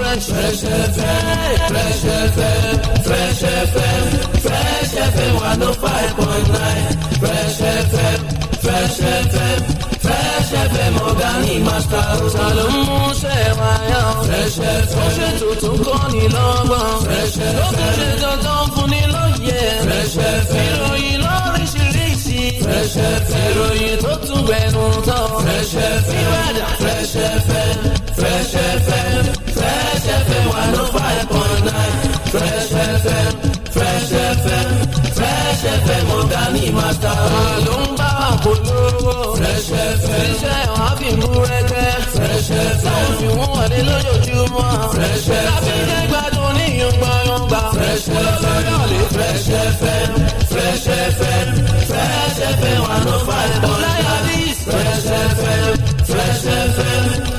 Fresh FM, Fresh FM, Fresh FM, Fresh FM 105.9, Fresh FM, Fresh FM, Fresh FM ọ̀gáàní màtà ọ̀sà ló ń múṣẹ́ wáyà. Fresh FM, ó ṣe tuntun kọ́ ni lọ́gbọ̀n. Fresh FM, ó tún ṣe dandan fún ni lóye. Fresh FM, ìròyìn lóríṣiríṣi. Fresh FM, ìròyìn tó tún gbẹnu tán. Fresh FM, ìwádà Fresh FM, Fresh FM fm one oh five point nine fresh fm fresh fm fresh fm ọ̀gá ní màtá. ló ń bá wa polówó. fresh fm iṣẹ́ wa fi mú rẹ́gẹ́. fresh fm táwọn fi mú wọlé lójoojúmọ́. fresh fm láti jẹ́ gbádùn ní yọ̀ngbọ̀nyọ̀ngbà. fresh fm fresh fm fresh fm fresh fm one oh five point nine fresh fm fresh fm.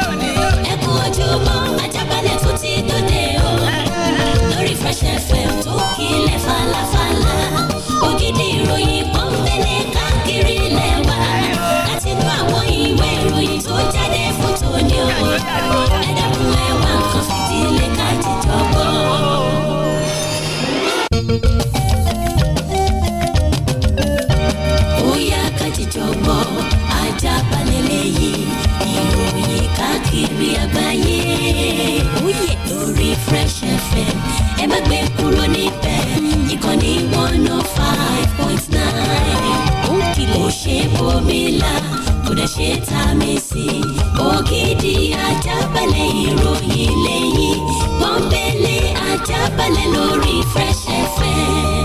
ògidì ìròyìn kan ń fẹlẹ káàkiri ilẹ̀ wa láti inú àwọn ìwé ìròyìn tó jáde fún tòní o ẹ dákun ẹ wá fìdílé ká jíjọ gbọ́. ó yá ajá balẹ̀ lẹ́yìn ìròyìn káàkiri àgbáyé lórí Fresh FM ẹ má gbé kúrò ní one oh five point nine. ó kìlẹ̀ ó ṣe bòmílà kò dẹ̀ ṣe tà mí sí. ògidì ajábalẹ̀ ìròyìn lẹ́yìn pọ́npẹ́lẹ́ ajábalẹ̀ lórí Fresh FM.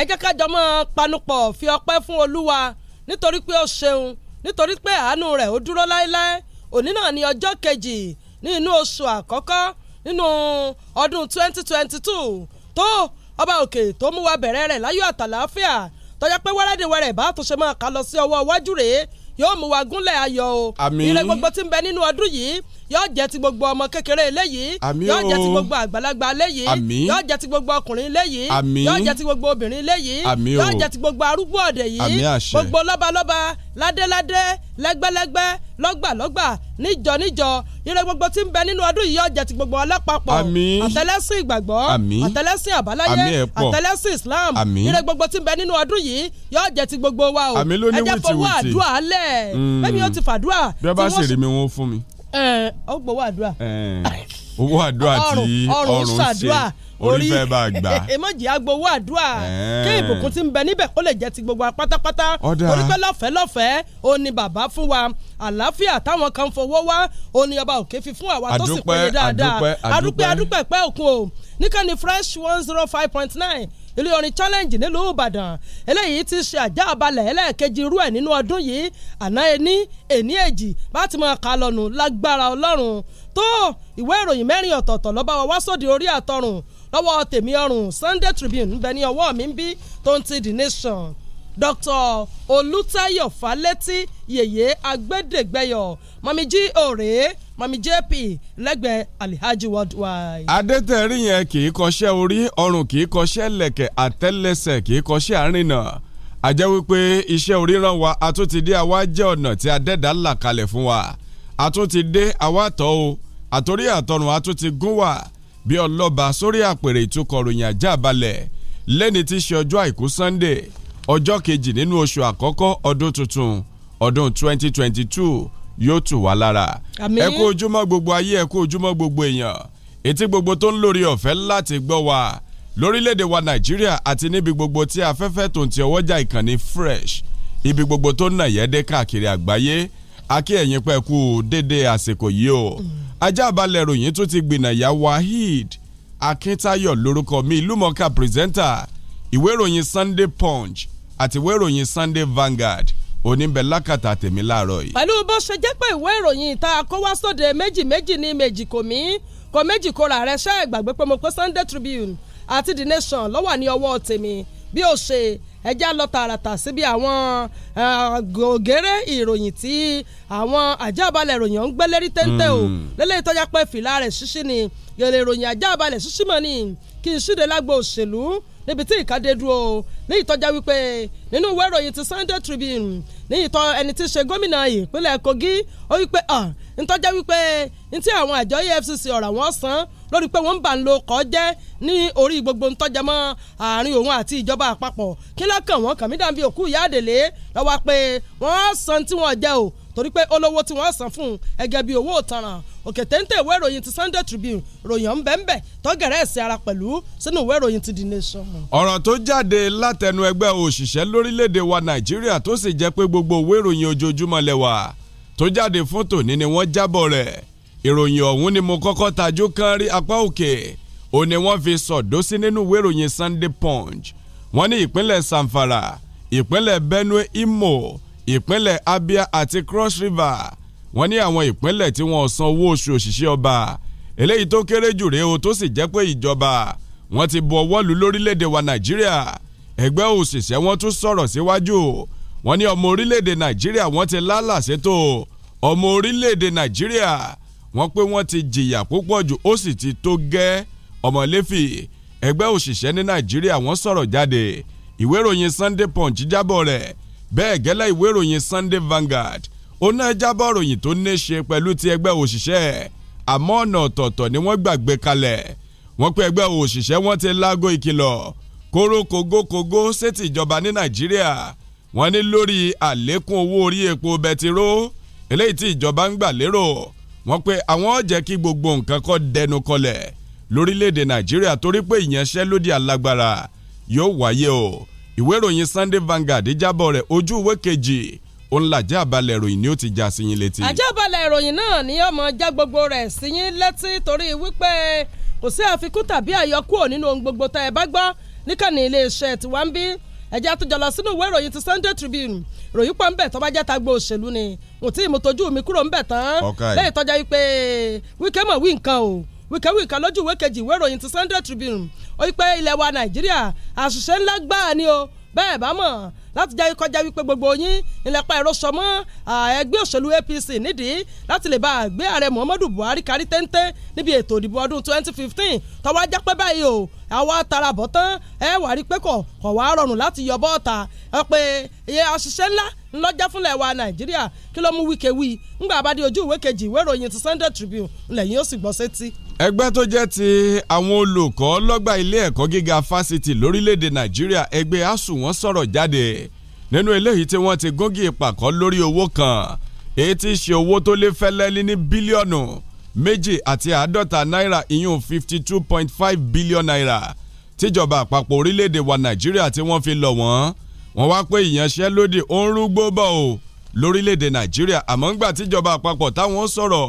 ẹ jẹ́ ká jọ máa panupọ̀ fi ọpẹ́ fún olúwa nítorí pé ó ṣeun nítorí pé àánú rẹ̀ ó dúró láéláé òní náà ni ọjọ́ kejì ní inú oṣù àkọ́kọ́ nínú ọdún 2022 tó ọba òkè tó mú wa bẹ̀rẹ̀ rẹ̀ láyọ̀ àtàlàáfíà tọ́jà pé wẹ́rẹ́dẹ̀wẹ́rẹ́ bá tó ṣe máa kà lọ sí ọwọ́ iwájú rèé yóò mú wa gúnlẹ̀ ayọ̀ o ire gbogbo tí ń bẹ nínú ọdún yìí yóò jẹ́ ti gbogbo ọmọ kékeré eléyìí yóò jẹ́ ti gbogbo àgbàlagbà eléyìí yóò jẹ́ ti gbogbo ọkùnrin eléyìí yóò jẹ́ ti gbogbo obìnrin eléyìí yóò jẹ́ ti gbogbo arúgbó ọ̀dẹ̀ yìí gbogbo lọ́balọ́ba ládéládé lẹ́gbẹ́lẹ́gbẹ́ lọ́gbàlọ́gbà níjọ níjọ ire gbogbo tí ń bẹ nínú ọdún yìí ọjà ti gbogbo ọlọ́pàpọ̀ àtẹlẹ́sìn ìgbàgbọ́ àtẹlẹ́sìn àbáláyé àtẹlẹ́sìn Islam ire gbogbo tí ń bẹ nínú ọdún yìí yóò ti gbogbo wa o ẹ jẹ́ fọwọ́ àdúrà lẹ̀ mm. bẹ́ẹ̀ni yóò ti fàdúrà. bí wọ́n bá sì rí mi wọ́n fún mi. ó àdúrà. owó ọrùn ṣe orí fẹ́ bá gbà. èmọ̀jì agbowó àdúrà kí ìbùkún ti ń bẹ níbẹ̀ kó lè jẹ́ ti gbogbo apátápátá orí lọ́fẹ̀ẹ́ lọ́fẹ̀ẹ́ òun ni bàbá fún wa àlàáfíà táwọn kan fowó wá òun ni ọba òkè fi fún àwa tó sì pé dáadáa adúpẹ́ adúpẹ́ pẹ́ òkun o níkànnì fresh one zero oh five point nine ilé orin challenge nílùú ìbàdàn eléyìí ti ṣe àjà ẹlẹ́ẹ̀kejì irú ẹ̀ nínú ọdún yìí àná ẹni ẹni èjì bá ti máa kà lọ́nu lágbára ọlọ́run tó ìwé ìròyìn mẹ́rin ọ̀tọ̀ọ̀tọ̀ lọ́ba wa wá sóde orí àtọrùn lọ́wọ́ tèmi ọrùn Sunday Tribune ń bẹ ní ọwọ́ mi ń bí tó ń ti The Nation Dr. Olùtayọ̀ Fálétí yèyé agbẹ́dẹ́gbẹ́yọ̀ mọ̀mí jí òrè mọ̀mí JP lẹ́gbẹ̀ẹ́ alihaji worldwide. adétẹ̀rí yẹn kì í kọṣẹ́ orí ọrùn kì í kọṣẹ́ lẹ̀kẹ̀ àtẹ́lẹsẹ̀ kì í kọṣẹ́ àrìnà àjẹ́ wípé iṣẹ́ oríran wa a tún ti dé àwa jẹ́ ọ̀nà tí a dẹ́dá là kalẹ̀ fún wa a tún ti dé àwa tọ́ o àtòrí àtọrùn a tún ti bí ọlọ́ba sórí àpèrè ìtúkọ̀ròyìn ajá balẹ̀ lẹ́ni tí í ṣe ọjọ́ àìkú Sunday ọjọ́ kejì nínú oṣù àkọ́kọ́ ọdún tuntun ọdún 2022 yóò tù wá lára ẹ kú ojúmọ́ gbogbo ayé ẹ kú ojúmọ́ gbogbo èèyàn etí gbogbo tó ń lórí ọ̀fẹ́ láti gbọ́ wa lórílẹ̀‐èdè wa Nàìjíríà àti níbi gbogbo tí afẹ́fẹ́ tòun ti ọwọ́jà ìkànnì fresh ibi gbogbo tó ń nà yẹ́dẹ́ káàkiri àgbáyé akí ẹ̀yin pẹ́ kú dédé àsìkò yìí o ajá balẹ̀ ròyìn tó ti gbìnàyà Waheed Akíntayọ̀ lórúkọ mi ìlúmọ̀ọ́ká pírẹsẹ́ńtà ìwé ìròyìn Sunday Punch àti ìwé ìròyìn Sunday Vanguard oníbẹ̀ lákàtà tèmi láàárọ̀ yìí. pẹ̀lú bó ṣe jẹ́ pé ìwé ìròyìn ìta akówásóde méjì méjì ní méjì kò mí kò méjì kò rà rẹ ṣẹ́ ìgbàgbé pé mo pé Sunday Tribune àti The Nation ló wà ní ọwọ́ tèmi bí ó ṣe ẹjá lọ tààràtà síbi àwọn gògèrè ìròyìn tí àwọn àjábalẹ̀ ìròyìn ọ̀hún gbé lérí téńté o hmm. lélẹ́yìí tọ́já pé fìlà rẹ̀ ṣíṣí ni gèrè ìròyìn àjábalẹ̀ ṣíṣí mọ̀ ni kí n ṣíde lágbo òṣèlú níbi tí ìkádé dúró ní ìtọ́já wípé nínú ìwé ìròyìn ti Sunday Tribune ní ìtọ́ ẹni tí í ṣe gómìnà ìpínlẹ̀ Kogi ó wípé ǹtọ́já wípé ntí àwọn àjọ EFCC ọ̀rọ̀ àwọn san lórí pé wọ́n ń bà ń lo kọ́ ní orí gbogbo ntọ́jà mọ́ àárín òun àti ìjọba àpapọ̀ kí lọ́kàn wọn kàmí dàbí òkú ìyá lọ́wọ́ pé wọ́n san tí wọ́n jẹ́ o torí pé olówó tí wọ́n san fún un ẹgẹ́ bíi owó òtanràn òkè téńté ìwé ìròyìn ti Sunday Tribune ròyìn ọ̀nbẹ́ńbẹ́ tọ́gẹ̀rẹ́ ẹ̀sìn ara pẹ̀lú sínú ìwé ìròyìn ti The Nation. ọ̀rọ̀ tó jáde látẹnu ẹgbẹ́ òṣìṣẹ́ lórílẹ̀‐èdè wa Nàìjíríà tó sì jẹ́ pé gbogbo ìwé ìròyìn ojoojúmọ́ lẹ́wà tó jáde fún tòní ni wọ́n jábọ̀ rẹ̀ ìròyìn ọ̀hún ni mo kọ́kọ́ tajú kan rí apá òkè ó ní wọ́n fi sọ̀dọ́ sí nínú ìwé ìròyìn Sunday Punch wọ́n ní ìpínlẹ̀ Samfara ìpínlẹ̀ Benue Imo ìpínlẹ̀ Abia àti Cross River wọ́n ní àwọn ìpínlẹ̀ tí wọ́n san owó oṣù òṣìṣẹ́ ọba eléyìí tó kéré jù rèé o tó sì jẹ́ pé ìjọba wọ́n ti bu ọwọ́ lù lórílẹ̀‐èdè wa Nàìjíríà ẹgbẹ́ òṣìṣẹ́ wọ́n tún sọ̀rọ̀ síwájú wọ́n ní ọmọ orílẹ̀‐èdè Nàìjíríà wọ́n ti lálàsètò ọmọ orílẹ̀‐èdè Nàìjíríà wọ́n pé wọ́n ti jìyà púpọ̀ jù ó sì ti tó gẹ́ ọmọlẹ́fì ẹgbẹ́ òṣìṣẹ́ ní nàìjíríà wọ́n sọ̀rọ̀ jáde ìwé ìròyìn sunday punch jábọ̀ rẹ̀ bẹ́ẹ̀ gẹ́lẹ́ ìwé ìròyìn sunday vanguard ó náà jábọ̀ ròyìn tó ní ṣe pẹ̀lú ti ẹgbẹ́ òṣìṣẹ́ àmọ́ ọ̀nà ọ̀tọ̀ọ̀tọ̀ ni wọ́n gbàgbé kalẹ̀ wọ́n pé ẹgbẹ́ òṣìṣẹ́ wọ́n ti láago ìkìlọ̀ kóró kogókogó sétí ìjọba ní nàìjíríà wọ́n ní lórí àlékún owó orí epo bẹtiró eléyìí tí ìjọba ń gbà lérò wọ́n pé àwọn ó jẹ́ kí gbogbo nǹkan kó dẹnu kọlẹ̀ lórílẹ̀‐èdè nàìjíríà torí pé ìyanṣẹ́lódì alágbára yóò wáyé o ìwé ìròyìn Sunday Vanguard jábọ̀ rẹ̀ ojú ìwé kejì òun làjẹ́ àbálẹ̀ ìròyìn ni ó ti já síyín létí. àjẹ́ àbálẹ̀ ìròyìn náà ni ọmọ já gbogbo rẹ̀ síyín létí torí wípé kò sí àfikún tàbí àyọkúrò nínú ohun gbogbo tá ẹ bá gbọ́ níkànnì iléeṣẹ́ tiwa ń bí ẹ̀jẹ̀ àtúnjọ lọ sínú ìwé ìròyìn ti Sunday Tribune ròyìn pọ̀ ńbẹ̀ tó bá jẹ́ ta gbọ́ òṣèlú ni mo tí mo tójú mi kúrò ńbẹ̀ tán lẹ́yìn tọ́jà wípé wíkẹ́ mọ̀ wí nǹkan o wíkẹ́ wí nǹkan lójú ìwé kejì ìwé ìròyìn ti Sunday Tribune ó wípé ilẹ̀ wa Nàìjíríà àṣìṣe ńlá gbáà ni o bẹ́ẹ̀ bá mọ̀ láti jẹ́ kọjá wípé gbogbo yín ìlẹ̀pà ẹ̀rọ sọmọ́ ẹgbẹ́ òṣèlú APC nídìí láti lè bá àgbé ààrẹ Muhammadu Buhari kárí téńté níbi ètò ìdìbò ọdún 2015 tọ́wọ́ ajá pé báyìí o àwa tara bọ̀ tán ẹ wà rí pé kọ̀ kọ̀ wá rọrùn láti yọ bọ́ọ̀ta ẹ pé iye àṣìṣe ńlá ńlọ́jà fúnlẹ̀ wa Nàìjíríà kí ló mú wíkẹ́wì ńgbà bá di ojú ìwé kejì ìwé ìròyìn ti Sunday Tribune lẹ́yìn ó sì gbọ́ sétí ẹgbẹ́ tó jẹ́ ti àwọn olùkọ́ lọ́gbà ilé ẹ̀kọ́ gíga fásitì lórílẹ̀‐èdè nàìjíríà ẹgbẹ́ asuu wọn sọ̀rọ̀ jáde nínú eléyìí tí wọ́n ti gógì ìpàkọ́ lórí owó kan èyí tí í ṣe owó tó lé fẹ́lẹ́lí ní bílíọ̀nù méjì àti àádọ́ta náírà ìyún fifty two point five billion naira tíjọba àpapọ̀ orílẹ̀‐èdè wa nàìjíríà tí wọ́n fi lọ̀ wọ́n wọ́n wá pé ìyanṣẹ́lódì ó ń rúgbó bọ̀ o lórílẹ̀‐èdè nàìjíríà àmọ́ ńgbà tíjọba àpapọ̀ táwọn sọ̀rọ̀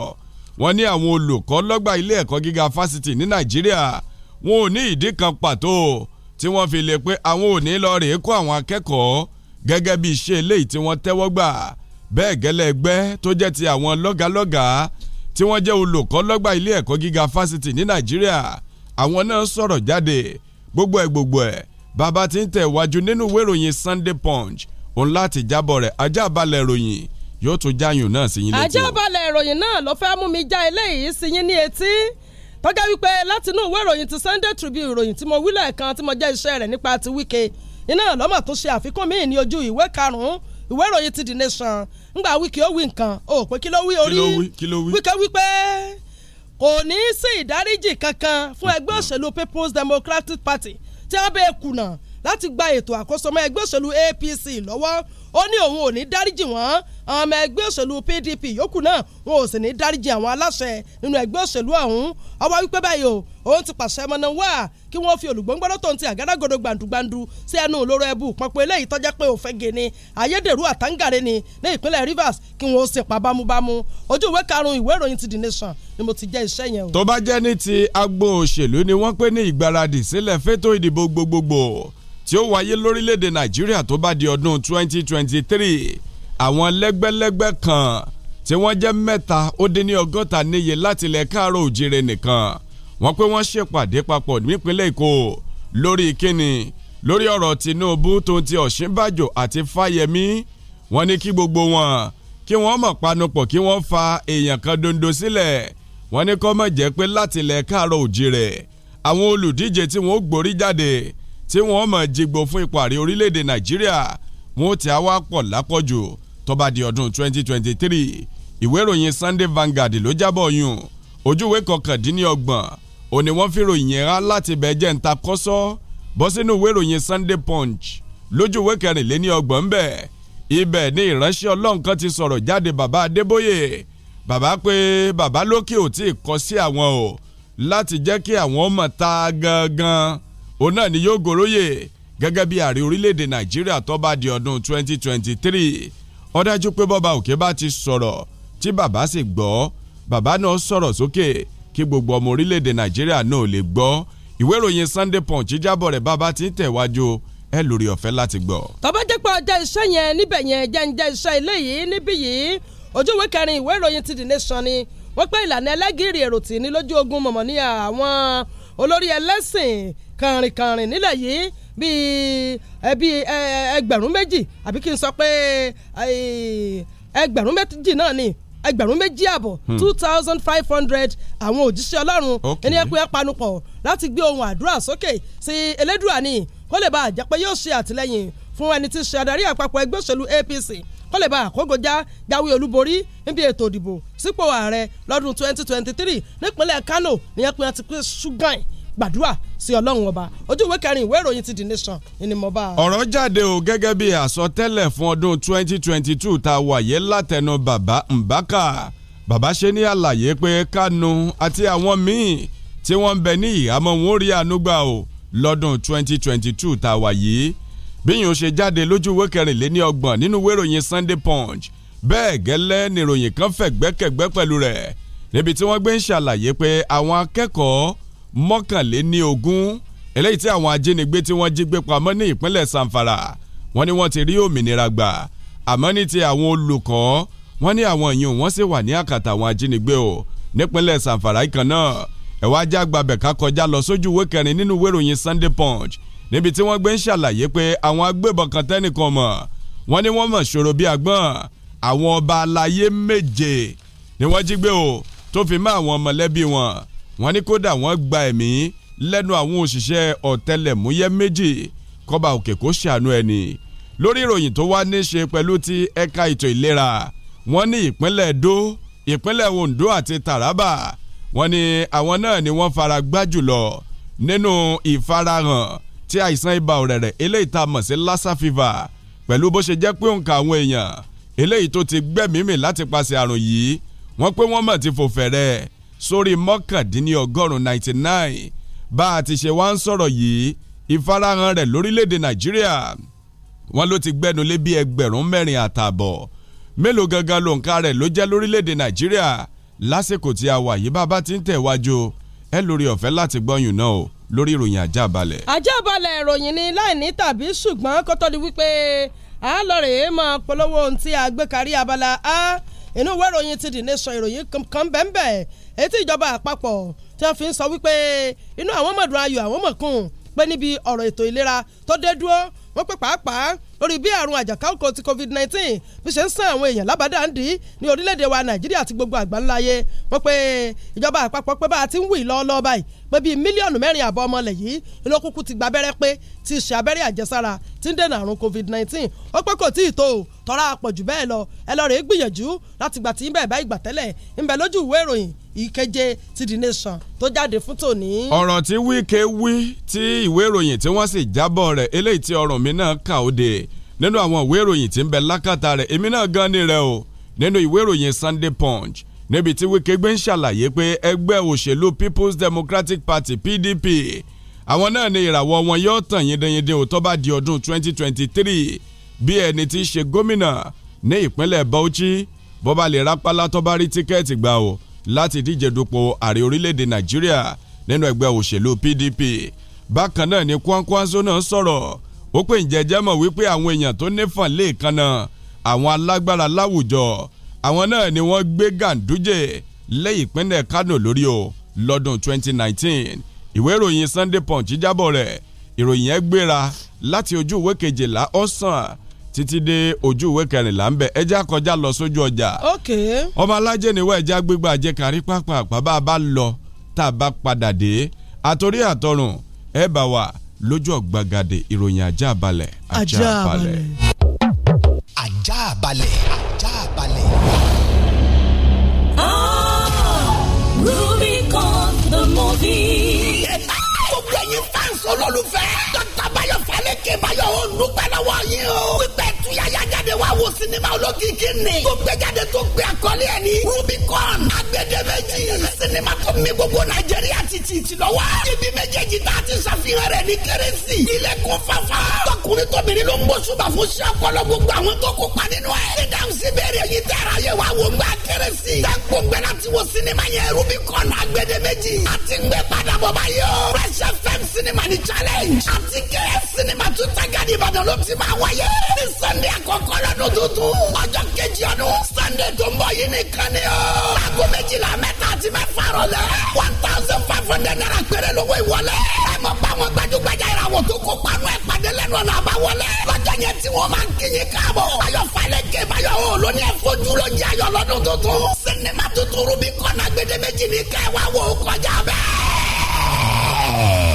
wọ́n ní àwọn olùkọ́ lọ́gbà ilé ẹ̀kọ́ gíga fásitì ní nàìjíríà wọn ò ní ìdí kan pàtó tí wọ́n fi lè pé àwọn ò ní lọ rèé kó àwọn akẹ́kọ̀ọ́ gẹ́gẹ́ bí iṣẹ́ eléyìí tí wọ́n tẹ́wọ́ gbà bẹ́ẹ̀ gẹ́lẹ́ ẹgbẹ́ tó jẹ́ ti àwọn lọ́gàlọ́gàá tí wọ́n jẹ́ olùkọ́ lọ́gbà ilé ẹ̀kọ́ gíga fásitì ní nàìjíríà àwọn náà sọ̀rọ̀ jáde gbogbo ẹ̀ gbogbo ẹ̀ bàbá ti ń tẹ̀ wájú nínú ìwé ìròyìn Sunday Punch òun láti jábọ̀ rẹ̀ ajá balẹ̀ ìròyìn yóò tún jáyùn náà sí yín létí. àjẹbọlẹ̀ ìròyìn náà ló fẹ́ mú mi já eléyìí sí yín ní etí tọ́jà wípé látinú ìwé ìròyìn ti Sunday Tribune ìròyìn tí mo wílẹ̀ kan tí mo jẹ́ iṣẹ́ rẹ̀ nípa ti wíkẹ́ iná lọ́mọ̀ tó ṣe àfikún míì ní ojú ìwé karùn-ún ìwé ìròyìn ti The Nation ńgbà wíkẹ́ ó wí nǹkan ó pé kí ló wí orí wíkẹ́ wípé kò ní í sí ìdáríjì kankan fún ẹgbẹ́ òṣèlú People's Democratic Party tí wọ́n bẹ́ẹ̀ kùnà láti gba ètò àkóso mọ́ ẹgbẹ́ òṣèlú APC lọ́wọ́ ó ní òun ò ní dáríjì wọ́n ọmọ ẹgbẹ́ òṣèlú PDP yòókù náà wọn ò sì ní dáríjì àwọn aláṣẹ nínú ẹgbẹ́ òṣèlú ọ̀hún ọwọ́ wípé báyìí o òun ti pàṣẹ mọ́nà wá kí wọ́n fi olùgbòǹgbọ́dọ̀ tó ń ti àgádágodo gbàǹdùgbàǹdù sí ẹnu olóró ẹbù pọ̀pọ̀ eléyìí tọ́já pé òfẹ́ gèni ayédèrú àtàǹgàrẹ́ ni ní ìpínlẹ̀ Rivers kí wọ́n sì pa bámúbámú ojú ìwé karùn-ún ìwé ìròyìn ti The Nation ni mo ti jẹ́ iṣẹ́ yẹn o. tó bá jẹ́ ní ti agbo ni wọ́n pé ní ìgbáradì sílẹ̀ fétò ìdìbò gbogbogbò tí ó wáyé lórílẹ̀‐èdè nàìjíríà tó bá di ọdún 2023 àwọn lẹ́gbẹ́lẹ́gbẹ́ kan tí wọ́n jẹ́ mẹ́ta ó dín ní ọgọ́ta níye láti ilẹ̀ káàárọ̀ òjìrè nìkan wọ́n pé wọ́n ṣèpàdé papọ̀ nípínlẹ̀ èkó lórí kíni lórí ọ̀rọ̀ tinubu tó ń ti ọ̀ṣínbàjò àti fáyẹmí wọ́n ní kí gbogbo wọn kí wọ́n mọ̀ panupọ̀ kí wọ́n fa èèyàn kan dondo sílẹ̀ wọ́n ní kó má jẹ́ pé láti ilẹ̀ káàárọ̀ òjìrè àwọn olùdíje tí wọ́n ó jáde tí wọ́n mọ̀ jigbó fún ipò ààrẹ orílẹ̀-èdè nàìjíríà wọn ó ti àwa pọ̀ lápọ̀jù tó bá di ọdún 2023 ìwé ìròyìn Sunday Vanguard ló jábọ̀ yùn ojúwe kọkàndínlọ́gbọ̀n ò ní wọ́n fi ròyìn ẹ̀rá láti bẹ̀ jẹ́ ń ta kọ́sọ́ bọ́ sínú ìwé ìròyìn Sunday Punch lójúwe kẹrìnléníọgbọ̀n ń bẹ̀ ibẹ̀ ni ìránṣẹ́ ọlọ́run kan ti sọ̀rọ̀ jáde bàbá Adébóyè bàbá pé bàbá lókè ò tí ì kọ́ sí àwọn o láti jẹ́ kí àwọn mọ̀ ta gangan òun náà ni yóò goróyè gẹ́gẹ́ bí ààrẹ orílẹ̀-èdè nàìjíríà tó di ọdún 2023 ó dájú pé bọ́ba òkè bá ti sọ̀rọ̀ tí bàbá sì gbọ́ bàbá náà sọ̀rọ̀ sókè kí gbogbo ọmọ orílẹ̀-èdè nàìjíríà náà lè gbọ́ ìwé ìròyìn Sunday Punch jábọ̀ rẹ̀ bàbá ti ń tẹ̀wájú ẹ lórí ọ̀fẹ́ láti gbọ́. tọ́ba jẹ́ pé ọjọ́ iṣẹ́ yẹn níbẹ̀ yẹn jẹ́ ń jẹ́ iṣẹ́ ilé yìí níbí yìí ojúwe kẹrin ìwé ìròyìn ti The Nation ni wọ́n pé ìlànà ẹlẹ́gìrì èrò tì ní lójú ogun mọ̀mọ́ ní àwọn olórí ẹlẹ́sìn kàrìnkàrìn nílẹ̀ yìí bíi ẹbí ẹgbẹ̀rún méjì àbí kí n sọ pé ẹgbẹ̀rún méjì náà ni ẹgbẹ̀rún méjì àbọ̀ hmm. two thousand five hundred àwọn òjíṣẹ́ ọlọ́run ẹni ẹ̀kú ẹ̀ panupọ̀ láti gbé ohun àdúrà sókè sí elédùà ni kó lè bá àjẹpẹ́ yóò ṣe àtìlẹ́yìn fún ẹni tí ṣe adarí àpapọ̀ ẹgbẹ́ òṣèlú APC kó lè ba àkógojá jáwé olúborí níbi ètò òdìbò sípò ààrẹ lọ́dún twenty twenty three nípínlẹ̀ Kano ní ẹ̀kú ẹ̀ ti pín ṣúgàn gbàdúrà sí ọlọ́run ọba ojú ìwé kẹrin ìwé ìròyìn ti The Nation ni mo bá. ọ̀rọ̀ jáde o gẹ́gẹ́ bí àsọtẹ́lẹ̀ fún ọdún 2022 tá a wàyé látẹnu bàbá Mbaka bàbá ṣe ní àlàyé pé Kanu àti àwọn míì tí wọ́n ń bẹ ní ìhámọ́ wọn rí ànúgbà o lọ́dún 2022 tá a wàyé bíyìn ó ṣe jáde lójú ìwé kẹrìnléní ọgbọ̀n nínú ìwé ìròyìn Sunday Punch bẹ́ẹ̀ gẹ́lẹ́ níròyìn kan fẹ̀gbẹ́kẹ̀gbẹ́ pẹ̀lú rẹ̀ níbi tí wọ́n gbé ń ṣàlàyé pé àwọn akẹ́kọ̀ọ́ mọ́kànléníogún eléyìí tí àwọn ajínigbé tí wọ́n jí gbé pamọ́ ní ìpínlẹ̀ Samfara wọ́n ní wọ́n ti rí òmìnira gbà àmọ́ ní ti àwọn olùkọ́ wọ́n ní àwọn èèyàn wọ́n sì wà ní àkàtà àwọn ajínigbé o nípínlẹ̀ Samfara ìkan náà ẹ̀wọ́n ajá gbàbẹ̀ ká kọjá lọ sójú ìwé kẹrin nínú ìwé ìròyìn Sunday Punch níbi tí wọ́n gbé ń ṣàlàyé pé àwọn agbébọn kan tẹ́nìkan mọ̀ wọ́n ní wọ́n mọ̀ ṣòro bíi àgbọ̀n àwọn ọba aláyé méje ni wọ́n jí gbé o tó fi mọ́ àwọn mọ̀lẹ́bí wọn wọ́n ní kódà wọ́n gba ẹ̀mí lẹ́nu àwọn òṣìṣẹ́ ọ̀tẹlẹ̀múyẹ́ méjì kọ́ba òkè kó ṣàánú ẹni lórí ìròyìn tó wá ní ṣe pẹ̀lú ti ẹ̀ka ètò ìlera wọ́n ní ìpínlẹ̀ Edo ìpínlẹ̀ Ondo àti Taraba wọ́n ní àwọn náà ni wọ́n fara gbá jùlọ nínú ìfarahàn tí àìsàn ibà ọ̀rẹ̀rẹ̀ eléyìí tá a mọ̀ sí lassa fever pẹ̀lú bó ṣe jẹ́ pé òǹkà àwọn èèyàn eléyìí tó ti gbẹ́mìí láti paṣẹ àrùn yìí wọ́n pé wọ́n mọ̀ ti fò fẹ̀rẹ̀ sórí mọ́kàndínlọ́gọ́rùn ninety nine bá a ti ṣe wá ń sọ̀rọ̀ yìí ìfarahàn rẹ̀ lórílẹ̀‐èdè nàìjíríà wọn ló ti gbẹ́nu lé bí ẹgbẹ̀rún mẹ́rin àtààbọ̀ mélòó gangan ló ń ka rẹ̀ ló jẹ́ lórílẹ̀‐èdè nàìjíríà lásìkò tí a wà yìí bàbá ti ń tẹ̀wájú ẹ lórí ọ̀fẹ́ láti gbọ́yùn náà o lórí ìròyìn àjàbalẹ̀. àjàbalẹ̀ ìròyìn ni láìní tàbí ṣùgbọ́n kó tó di wípé a lọ rèé mọ polówó ohun tí a gbé kárí abala a inú ìwé ìròyìn ti The Nation ìròyìn kan bẹ́ẹ̀ bẹ́ẹ̀ etí ìjọba àpapọ̀ tí wọ́n fi ń sọ wípé inú àwọn mọ̀dún ayọ̀ àwọn mọ̀kún pé níbi ọ̀rọ̀ ètò ìlera tó dé dúró wọ́n pè pàápàá lórí bí àrùn àjàkálùkò ti covid-19 bí ṣe ń sàn àwọn èèyàn lábàdàndì ní orílẹ̀-èdè wa nàìjíríà àti gbogbo àgbáńláyé wọ́n pe ìjọba àpapọ̀ pé bá a ti ń wì lọ́ọ́lọ́ọ́ báyìí pé bíi mílíọ̀nù mẹ́rin àbọ̀ ọmọ ilẹ̀ yìí ló ti gba abẹ́rẹ́ pé ti ṣe abẹ́rẹ́ àjẹsára tí ń dènà àrùn covid-19 ó pé kò tí ì tó o tọ́ra àpọ̀jù bẹ́ẹ̀ lọ ẹ lọ rèé gbìyànjú láti gbà tí ń bẹ̀ bá ìgbà tẹ́lẹ̀ ń bẹ lójú ìwé ìròyìn ìkeje ti the nation tó jáde fún tòní. ọ̀rọ̀ tí Wike wí tí ìwé ìròyìn tí wọ́n sì jábọ̀ rẹ̀ eléyìí tí ọ̀rọ̀ mi náà kà ó de nínú àwọn ìwé ìròyìn tí ń bẹ lákàtà rẹ̀ èmi náà gan ni rẹ̀ o nínú ìwé ìròyìn Sunday Punch níbi tí Wike gbé ń ṣàlàyé pé ẹgbẹ́ òṣèlú People's Democratic Party PDP àwọn náà ni ìràwọ̀ wọn yóò tàn yíndeyínde ó bá di ọdún 2023 bí ẹni tí í ṣe gómìnà ní ìpínlẹ̀ Bauchi bó bá lè rápálá tó bá rí tíkẹ́ẹ̀tì gbà o láti díje dupò ààrẹ orílẹ̀-èdè nàìjíríà nínú ẹgbẹ́ òṣèlú PDP bákan náà ni Kwankwanso náà sọ̀rọ̀ ó pè ń jẹjẹ́ mọ̀ wípé àwọn èèyàn tó nífàn lẹ́ẹ̀kan náà àwọn alágbára láwùjọ àwọn náà ni wọ́n gbé Ganduje lé ìpínlẹ̀ Kano lórí o lọ́dún 2019 ìwé ìròyìn Sunday Punch jábọ̀ rẹ̀ ìròyìn yẹn gbéra láti ojú ìwé kejìlá ọ̀sán títí dé ojú ìwé kẹrìnlá ń bẹ ẹja kọjá lọ sójú ọjà. ok. ọmọ alájẹ níwá ẹja gbígbà jẹ kárí pápá bàbá bá lọ tá a bá padà dé àtòrí àtọrùn ẹ bá wà lójú ọ̀gbagadè ìròyìn ajá balẹ̀. ajá balẹ̀. ajá balẹ̀. ajá ah, balẹ̀. Rubicon the movie. gbogbo ẹ̀yin fans olólùfẹ́ pásítọ̀ báyọ̀ fálékè o, ó dúpẹ́ lọ́wọ́ o. pípẹ́ tuyaya jáde wá wo sinimá olókìkí ni. tó gbé jáde tó gbé àkọlé ẹni. Rubicon agbẹdẹmẹjì. sinimá tó mi gbogbo Nàìjíríà ti ti ti lọ wá. ibi méjèèjì tá a ti ṣàfihàn rẹ̀ ní kérésì. ilẹ̀kùn fàfà. tó tọkùnrin tóbìnrin ló ń bó ṣùgbọ́n fún sí ọpọlọ gbogbo àwọn tó kópa nínú ẹ̀. dídáhùn sí béèrè yìí tẹ́ra yẹ wá wò ńgbà kérésì. tẹ́kùn gbẹ láti wo sinimá yẹn rúbí kọ́nà agbẹ́dẹ́méjì. àti gbẹ padà bọ̀ báyìí o. Fresh FM sinimá ni challenge. àti kẹ́ sinimá tún tagadi Ìbàdàn ló ti máa wáyé. ní Sunday àkọ́kọ́ lọ́dún tuntun. ọjọ́ kejì ọdún Sunday tó ń bọ̀ yìí nìkan ni o. aago méjìlá mẹ́ta àti mẹ́fà rọ̀lẹ́. one thousand five hundred naira péré lówó ìwọlé. ẹ mọ̀ bá wọn gbajúgbajà ìràwọ̀ tó kópa nù ẹ̀ pàdé lẹ́nu ọ̀nà bàbá wọlé. lọ́jọ́ yẹn tí wọ́n máa ń kíyè káàbọ̀. ayọ̀ falẹ̀ ké bayọ̀ o ló ní ẹ̀fọ́jú ló jẹ́ ayọ̀ lọ́dún tuntun. sinimá tuntun rubicon agbèdémèjì ní kẹwàá wò kọjá bẹ́ẹ̀.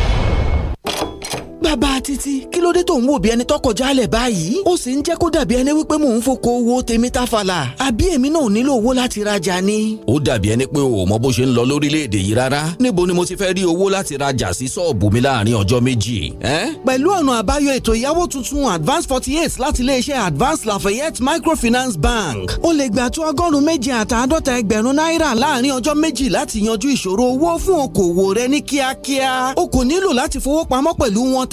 bàbá títí kí ló dé tó ń wò bí ẹni tọkọ jálẹ̀ báyìí ó sì ń jẹ́ kó dàbí ẹni wípé mò ń foko owó tèmi tàfàlà àbí èmi náà nílò owó láti rajà ni. ó dàbí ẹni pé o ò mọ bó ṣe ń lọ lórílẹ̀‐èdè yìí rárá níbo ni mo ti fẹ́ rí owó láti rajà sí ṣọ́ọ̀bù mi láàrin ọjọ́ méjì. pẹ̀lú ọ̀nà àbáyọ ètò ìyàwó tuntun advance forty eight láti iléeṣẹ́ advance lafayette microfinance bank ó lè gbà tó ọgọ́rùn-ún méje àtàádọ́ta ẹgbẹ̀rún náírà láàrin ọjọ́ méjì láti yanjú ìṣòro owó fún okòwò rẹ ní kíákíá o kò nílò láti fowó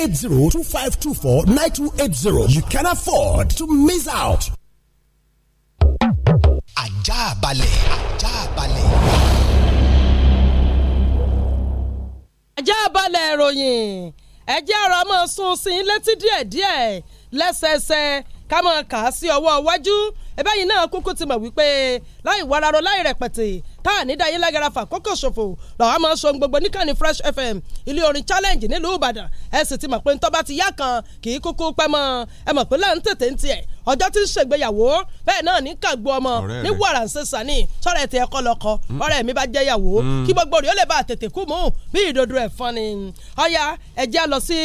eight zero two five two four nine two eight zero. You can afford to miss out. Ajá balẹ̀, ajá balẹ̀. Ajá balẹ̀ ìròyìn ẹjẹ́ ọ̀rọ̀ máa sun sí létí díẹ̀díẹ̀ lẹ́sẹẹsẹ ká máa kà á sí ọwọ́ iwájú ẹbẹ́yìn náà kúkú ti mọ̀ wípé láì wararọ láì rẹpẹtẹ tá à ní dayé lágara fà kókò ṣòfò làwọn máa ń sọ gbogbo níkànnì Fresh FM ilé orin challenge nílùú Ìbàdàn ẹ sì ti mọ̀ pé ntọ́ bá ti yá kan kì í kúkú pẹ́ mọ́ ẹ mọ̀ pé láà ń tètè ń tiẹ̀ ọjọ́ tí ń ṣègbéyàwó bẹ́ẹ̀ náà ní kàgbọ́ ọmọ ní wàrà ṣẹṣà ní sọ̀rọ̀ ẹ̀tẹ̀ ẹ̀kọ́ lọ́kọ mm. ọ̀rẹ́ mi bá jẹ́ yàwó mm. kí gbogbo rẹ̀ ó lè bá tètè kú mú bí ìdodo ẹ̀fọn ni. ọ̀ya ẹ̀jẹ̀ lọ sí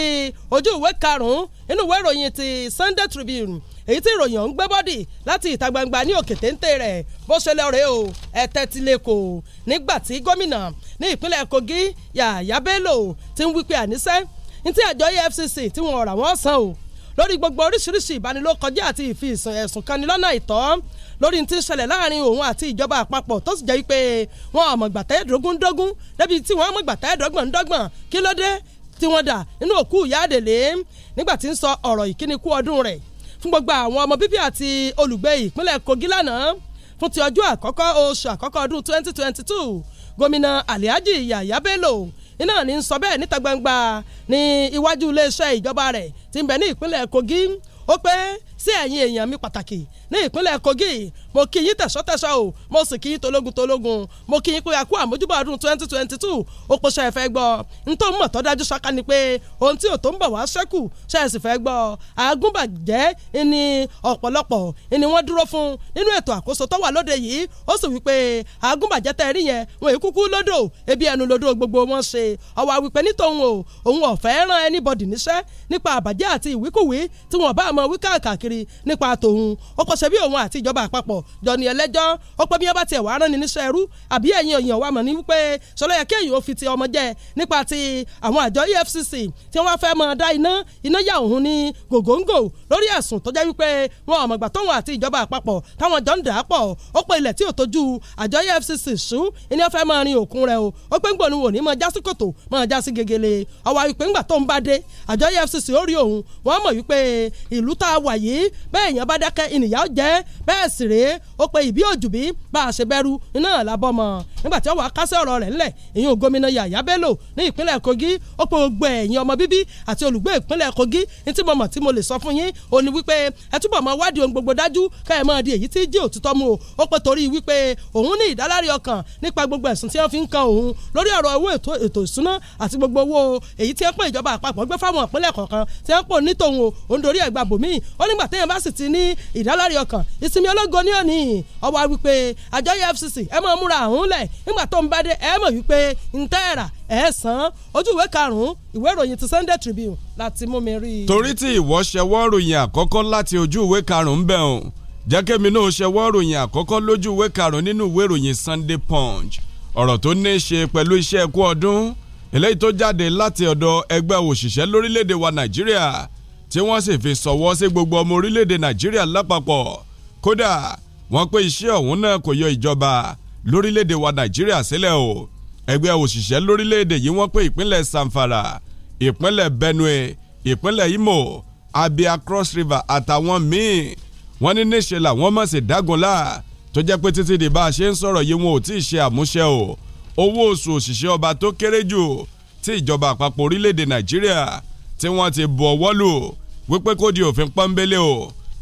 ojú ìwé karùn-ún inú ìwé ìròyìn ti Sunday Tribune èyí tí ìròyìn ọ̀hún gbé bọ́dì láti ìta gbangba ní òkè téńté rẹ̀ bó ṣe lọ rèé o ẹ̀tẹ́ ti lè kò nígbà tí gómìnà ní ìpínlẹ̀ Kogi Yàyà Bello ti ń wípé àníṣe ní tí àjọ EFCC tí wọn ọ̀rà wọn san o lórí gbogbo oríṣiríṣi ìbanilókọjá àti ìfi ẹ̀sùn kanni lọ́nà ìtọ́ lórí ti ń ṣẹlẹ̀ láàrin òun àti ìjọba àpapọ̀ tó sì jẹ́ pé wọn àmọ̀gbàtà ẹ̀dógún dógún débi tí wọ́n àmọ̀gbàtà ẹ̀dọ́gbọ̀n dọ́gbọ̀n kí ló dé tí wọ́n dà nínú òkú ìyá àdèlé nígbà tí ń sọ ọ̀rọ̀ ìkíni ọdún rẹ̀ fún gbogbo àwọn ọmọ bíbí àti olùgbé ìpínlẹ̀ Kogi lánàá fún ti ọjọ́ àkọ́kọ́ oṣù àkọ́kọ́ ọdún 2022 gómìnà Alhaji Yahaya Bello iná ní sọ bẹ́ẹ̀ níta gbangba ní iwájú iléeṣẹ́ ìjọba rẹ̀ tí ń bẹ ní ìpínlẹ̀ Kogi ó pé sí ẹ̀yin èèyàn mi pàtàkì ní ìpínlẹ̀ Kogi mo kí yín tẹ̀sọ́tẹ̀sọ́ o mo sì kí yín tológun tológun mo kí yín pé akú àmójúbọ̀ ọdún twenty twenty two ó pọ̀ ṣe é fẹ́ gbọ́ ntọ́ mọ̀ tọ́ dájú sọ́ka ni pé ohun tí ò tó ń bọ̀ wá ṣẹ́kù ṣe fẹ́ gbọ́ àgùnbàjẹ́ ni ọ̀pọ̀lọpọ̀ ni wọ́n dúró fún nínú ètò àkóso tó wà lóde yìí ó sì wípé àgùnbàjẹ́ tẹ́ rí yẹn wọn èyí kúkú lódò ebi ẹnu lódò gbogbo wọn ṣe ọwọ́ àwìpẹ́ nítòun o òun ọ̀fẹ́ rán anybody níṣẹ́ nípa àbàjẹ́ àti ìwíkúwí tí wọ́n bá àmọ́ wí kiri nípa tòun ó kò ṣe bí òun àti ìjọba àpapọ̀ jọ ní ẹlẹ́jọ́ ó pé bí wọ́n bá tiẹ̀ wá rán ni níṣẹ́ ẹrú àbí ẹ̀yin èèyàn wa mọ̀ ní wípé sọlọ́yà kéèyàn ò fi ti ọmọ jẹ nípa ti àwọn àjọ EFCC tí wọ́n fẹ́ mọ dá iná iná yà òun ní gògóńgò lórí ẹ̀sùn tó jẹ́ wípé wọn ò mọ̀gbà tóun àti ìjọba àpapọ̀ táwọn jọ ń dà á pọ̀ ó pé ilẹ̀ tí ò tójú àjọ EFCC sùn iná fẹ́ mọ rin òkun rẹ̀ o ó pé ń gbòòrùn wò ní mọ jásí kòtò mọ jásí gegele ọwọ́ àyùpé ńgbà tó ń bá dé àjọ EFCC ó rí òun wọ́n mọ̀ wípé ìlú tá a wà yìí bẹ́ẹ̀ èèyàn bá dákẹ́ ìnìyà ó jẹ́ bẹ́ẹ̀ sì rèé ó pe ìbí òjùbí bá a ṣe bẹ̀rù iná làbọ̀ mọ̀ nígbà tí ó wàá kásẹ̀ ọ̀rọ̀ rẹ̀ ńlẹ̀ èyí gómìnà Yàyà Bello ní ìpínlẹ̀ Kogi ó pe gbogbo ẹ̀yin ọmọ bíbí àti olùgbé ìpínlẹ̀ Kogi ní tí mo mọ̀ tí mo lè sọ fún yín ó ní wípé ẹ túbọ̀ mọ wádìí ohun gbogbo dájú ká ẹ máa di èyí tí jẹ́ òtítọ́ mu o ó pe torí wípé òun ní ìdáláre ọkàn nípa gbogbo ẹ̀sùn tí wọ́n fi ń kan òun lórí ọ̀rọ̀ owó ètò ìsúná àti gbogbo owó èyí tí wọ́n pè ìjọba àpapọ̀ gbé fáwọn ìpínlẹ̀ kọ̀ọ̀kan tí wọ́n pò ní tòun o òun dorí ẹ̀gbà bòmíì ó nígbà téèyàn bá sì ti ní ìdáláre ọkàn ìsinmi ológo ní òní míì ọwọ́ wípé àjọ EFCC ẹ máa múra àhún lẹ̀ nígbà tó ń bá dé ẹ mọ̀ wípé ntẹ́ẹ̀rà ẹ̀ sàn ojú ìwé karùn-ún ìwé ìròyìn ti Sunday Tribune láti mú mi rí i. torí tí ìwọ ṣẹwọ́ ròyìn àkọ́kọ́ láti ojú ìwé karùn-ún bẹ̀ ọ́n jẹ́kẹ́mi náà ṣẹwọ́ ròyìn àkọ́kọ́ lójú ìwé karùn-ún nínú ìwé ìròyìn Sunday Punch ọ̀rọ̀ tó ní í ṣe pẹ̀lú iṣẹ́ ẹ̀kú ọdún eléyìí tó jáde láti ọ̀dọ̀ ẹgbẹ́ òṣìṣẹ́ lórílẹ̀‐èdè wa Nàìjíríà tí wọ́n sì fi sọ̀wọ́ sí gbogbo ọmọ orílẹ̀‐èdè Nàìjíríà lápapọ̀ kódà wọ́n pé iṣẹ́ ọ̀hún náà kò yọ ìjọba lórílẹ̀‐èdè wa nàìjíríà sílẹ̀ o ẹgbẹ́ òṣìṣẹ́ lórílẹ̀‐èdè yìí wọ́n pé ìpínlẹ̀ Zamfara ìpínlẹ̀ Benue ìpínlẹ̀ Imo Abia Cross River àtàwọn míì wọ́n ní níṣe làwọn mọ̀ sí dágunlá tó jẹ́ pé títí di bá a ṣe ń sọ̀rọ̀ yìí wọn ò tí ì ṣe àmúṣe o owó oṣù òṣìṣẹ́ ọba tó kéré jù tí ìjọba àpapọ̀ orílẹ̀‐èdè nàìjíríà tí wọ́n ti bu ọwọ́ lù wípé kó di òfin pọ́nbélé o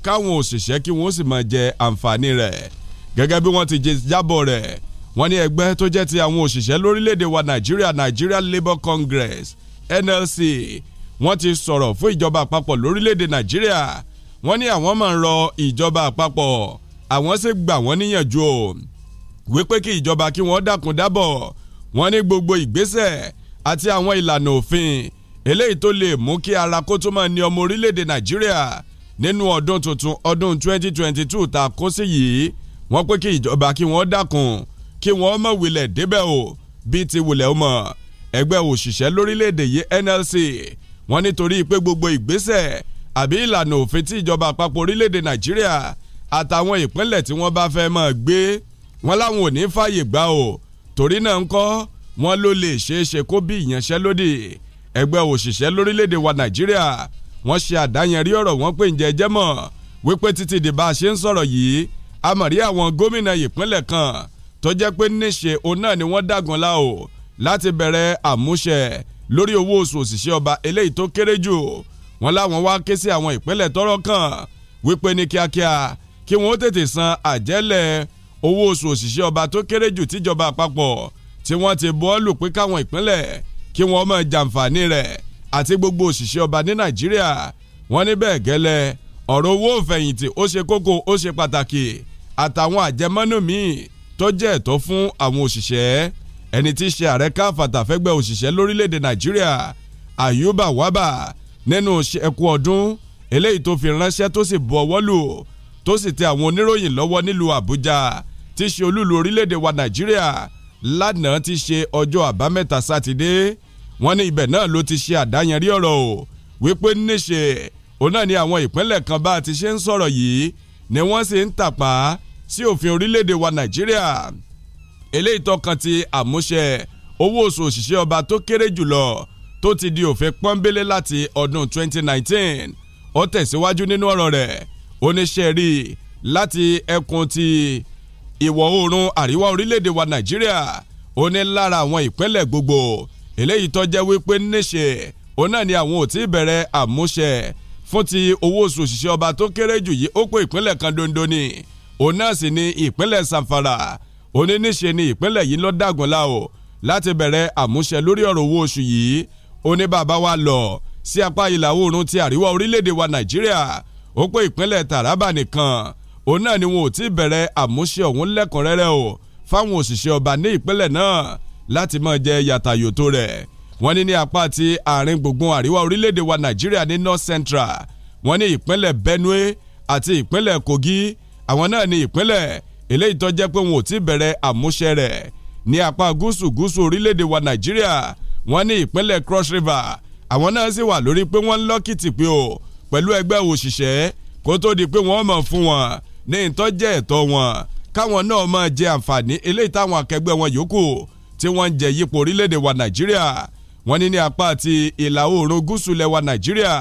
káwọn òṣìṣẹ́ kí wọ́n sì máa jẹ àǹfààní rẹ̀ gẹ́gẹ́ bí wọ́n ti jábọ̀ rẹ̀ wọ́n ní ẹgbẹ́ tó jẹ́ ti àwọn òṣìṣẹ́ lórílẹ̀‐èdè wa Nàìjíríà Nigeria Labour Congress NLC wọ́n ti sọ̀rọ̀ fún ìjọba àpapọ̀ lórílẹ̀‐èdè Nàìjíríà wọ́n ní àwọn máa ń rọ ìjọba àpapọ̀ àwọn sì gbà wọ́n níyànjú o wípé kí ìjọba kí wọ́n dákun dábọ̀ wọ́n ní gbogbo ìgbésẹ̀ àti àwọn ìlànà òfin eléyìí tó lè mú kí ara kó tó máa ní ọmọ orílẹ̀-èdè Nàìjíríà nínú ọdún tuntun ọdún 2022 tá a kó sí yìí wọ́n pé kí ìjọba kí wọ́n dákun kí wọ́n mọ̀ wílẹ̀ débẹ̀ o bíi ti wulẹ̀ o mọ̀ ẹgbẹ́ òṣìṣẹ́ lórílẹ̀‐èdè yìí NLC wọ́n nítorí pé gbogbo ìgbésẹ̀ àbí ìlànà òfin tí ìjọba àpapọ̀ orílẹ̀‐èdè Nàìjíríà àtàwọn ìpínlẹ̀ tí wọ́n bá fẹ́ máa gbé wọ́n láwọn ò ní fààyè gbà o torí náà ń kọ́ wọ́n ló lè ṣeé ṣe kó bí ìyanṣẹ́lódì ẹgbẹ́ òṣìṣẹ́ lórílẹ̀‐èdè wa Nàìjíríà wọ́n ṣe àdáyẹnrí ọ̀rọ̀ wọn pé ǹjẹ́ jẹ́ wípé títí di bá a ṣe ń sọ̀rọ̀ yìí a mọ̀ rí àwọn gómìnà ìpínlẹ̀ kan tó jẹ́ pé níṣe òun náà ni wọ́n dàgùn la o láti bẹ̀rẹ̀ àmúṣẹ lórí owó oṣù òṣìṣẹ́ ọba eléyìí tó kéré jù wọ́n láwọn wá ké sí àwọn ìpínlẹ̀ tọ́rọ̀ kàn wípé ní kíákíá kí wọ́n tètè san àjẹ́lẹ̀ owó oṣù òṣìṣẹ́ ọba tó kéré jù tíjọba àpapọ̀ tí wọ́n ti bọ́ọ̀lù pé káwọn ìpínlẹ̀ kí wọ́n máa jàǹfààní rẹ̀ àti gbogbo òṣìṣẹ́ ọba ní nàìjíríà wọ́n ní bẹ́ẹ̀ gẹ́lẹ́ ọ̀rọ̀ owó òfẹ̀yìntì ó ṣe kókó ó ṣe pàtàkì àtàwọn àjẹmọ́nú míì tó jẹ́ ẹ̀tọ́ fún àwọn òṣìṣẹ́ ẹni tí í ṣe ààrẹ káfàtà fẹ́gbẹ́ òṣìṣẹ́ lórílẹ̀‐èdè nàìjíríà àyùbá wábà nínú ẹkú ọdún eléyìí tó fi ránṣẹ́ tó sì bu ọwọ́ lù tó sì tẹ àwọn oníròyìn lọ́wọ́ nílùú àbújá tí í ṣe olúlu orílẹ̀‐èdè wa nàìjíríà lánàá ti ṣe ọjọ́ àbámẹ́ta sátidé wọ́n ní ibẹ̀ náà ló ti ṣe àdáyanrí ọ̀rọ̀ o wípé níṣe òun náà ni àwọn ìpínlẹ̀ kan bá a ti ṣe ń sọ̀rọ̀ yìí ni wọ́n sì ń tàpá sí òfin orílẹ̀-èdè wa Nàìjíríà eléyìí tọkàn ti àmúṣe owó oṣù òṣìṣẹ́ ọba tó kéré jùlọ tó ti di òfin pọ́nbélé láti ọdún 2019 ó tẹ̀síwájú nínú ọ̀rọ̀ rẹ̀ oníṣẹ́ rí láti ẹkùn ti ìwọ̀ oòrùn àríwá orílẹ̀-èdè wa Nàìjíríà ó ní lára àwọn ìpínlẹ̀ gbogbo eléyìí tó jẹ́ wípé níṣe òun náà ni àwọn ò tí ì bẹ̀rẹ̀ àmúṣe fún ti owó oṣù òṣìṣẹ́ ọba tó kéré jù yìí ó pé ìpínlẹ̀ kan dondo ni òun náà sì ni ìpínlẹ̀ Zamfara òní níṣe ni ìpínlẹ̀ yìí ló dàgúnlá o láti bẹ̀rẹ̀ àmúṣe lórí ọ̀rọ̀ owó oṣù yìí òní bàbá wa lọ sí apá ìlà oòrùn ti àríwá orílẹ̀-èdè wa Nàìjíríà ó pé ìpínlẹ̀ Taraba nìkan òun náà ni wọn ò tí ì bẹ̀rẹ̀ àmúṣe ọ̀hún lẹ́kùnrẹ́rẹ́ o fáwọn òṣìṣẹ́ ọba ní ìpínlẹ̀ náà láti máa jẹ yàtàyò tó rẹ̀ wọ́n ní ní apá ti àárín gbùngbùn àríwá orílẹ̀-èdè wa Nàìjíríà ní North Central wọ́n ní ìpínlẹ̀ Benue àti ìpínlẹ̀ Kogi àwọn náà ní ìpínlẹ̀ eléyìí tó jẹ́ pé wọn ò ti bẹ̀rẹ̀ àmúṣe rẹ̀ ní apá gúúsù gúúsù orílẹ̀-èdè wa Nàìjíríà wọ́n ní ìpínlẹ̀ Cross River àwọn náà sì wà lórí pé wọ́n ń lọ́kìtì pé o pẹ̀lú ẹgbẹ́ òṣìṣẹ́ kó tó di pé wọ́n mọ̀ fún wọn ní ìtọ́jẹ́ ẹ̀tọ́ wọn káwọn náà máa jẹ àǹfààní eléyìí táwọn akẹgbẹ́ wọn yòókù tí wọ́n ń jẹ yípo orílẹ̀-èdè wa nàìjíríà wọ́n ní ní apá àti ìlà oòrùn gúúsù ilẹ̀ wa nàìjíríà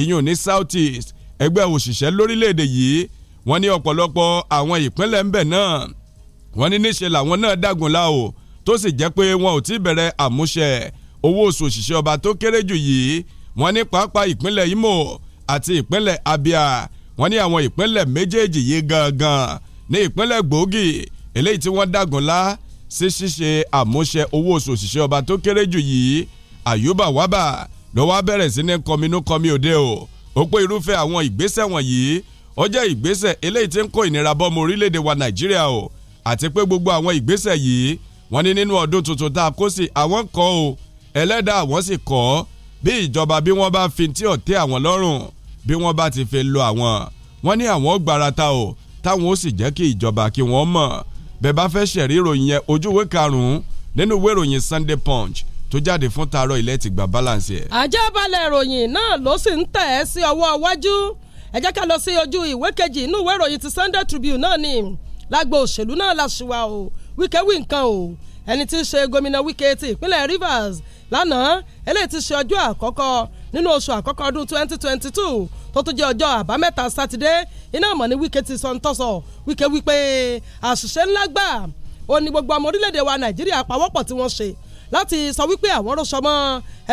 ìyún ní south east ẹgbẹ́ òṣìṣẹ́ lórílẹ̀-èdè yìí wọ́n ní ọ̀pọ̀lọpọ̀ àwọn ìpínlẹ̀ ńbẹ̀ náà wọ́n ní níṣe làwọn náà dàgùn la o tó sì jẹ́ pé wọn ò tí bẹ̀rẹ̀ àmúṣẹ owó oṣù òṣìṣẹ́ ọba tó kéré jù yìí wọ́n ní pàápàá ìpínlẹ̀ Imo àti ìpínlẹ̀ Abia wọ́n ní àwọn ìpínlẹ̀ méjèèjì yìí gangan ní ìpínlẹ̀ gbòógì eléyìí tí wọ́n dàgùn la sí ṣíṣe àmúṣẹ owó oṣù òṣìṣẹ́ ọba tó kéré jù yìí àyùbá wábà lọ́wọ́ abẹ́rẹ́ sí ní kọminú kọmi òde o ó pé irúfẹ́ àwọn ìgbésẹ̀ wọ̀nyí ó jẹ́ ìgbésẹ̀ eléyìí tí ń kó ìnira bọ́mọ orílẹ̀-èdè wa nàìjíríà o àti pé gbogbo àwọn ìgbésẹ̀ yìí wọ́n ní nínú ọdún tuntun tá a kó sí àwọn kọ́ o ẹlẹ́dàá àwọn sì kọ́ bí ìjọba bí wọ́n bá fi tí ọ̀tẹ́ àwọn lọ́rùn bí wọ́n bá ti fi lo àwọn wọ́n ní àwọn ó gbarata o táwọn ó sì jẹ́ kí ìjọba kí wọ́n mọ̀ bẹ́ẹ̀ bá fẹ́ ṣẹ̀rí ìròyìn yẹn ojú karùn-ún nínú ìwé ìròyìn Sunday Punch tó jáde fún taarọ ilẹ̀ ti gba balance ẹ̀. àjẹbalẹ̀ ìròyìn náà ló sì ń tẹ̀ ẹ́ sí ọwọ́ iwájú ẹ jẹ́ ká lọ sí ojú ìwé kejì inú ìwé ìròyìn ti Sunday Tribune náà ni lágbo òṣèlú náà la ṣùwà o Wike wí nǹkan o ẹni tí í ṣe gómìnà Wike ti ìpínlẹ̀ Rivers lánàá eléyìí ti ṣe ọjọ́ àkọ́kọ́ nínú oṣù àkọ́kọ́ ọdún twenty twenty two tó tún jẹ́ ọjọ́ àbámẹ́ta sátidé iná mọ̀ ní Wike ti sọ ń tọ́sọ̀ Wike wípé àṣìṣe ńlá gbà ó ní gbogbo ọmọ orílẹ̀-èdè wa Nàìjíríà pawọ́pọ̀ tí wọ́n ṣe láti sọ wípé àwọn rọ́ṣọ mọ́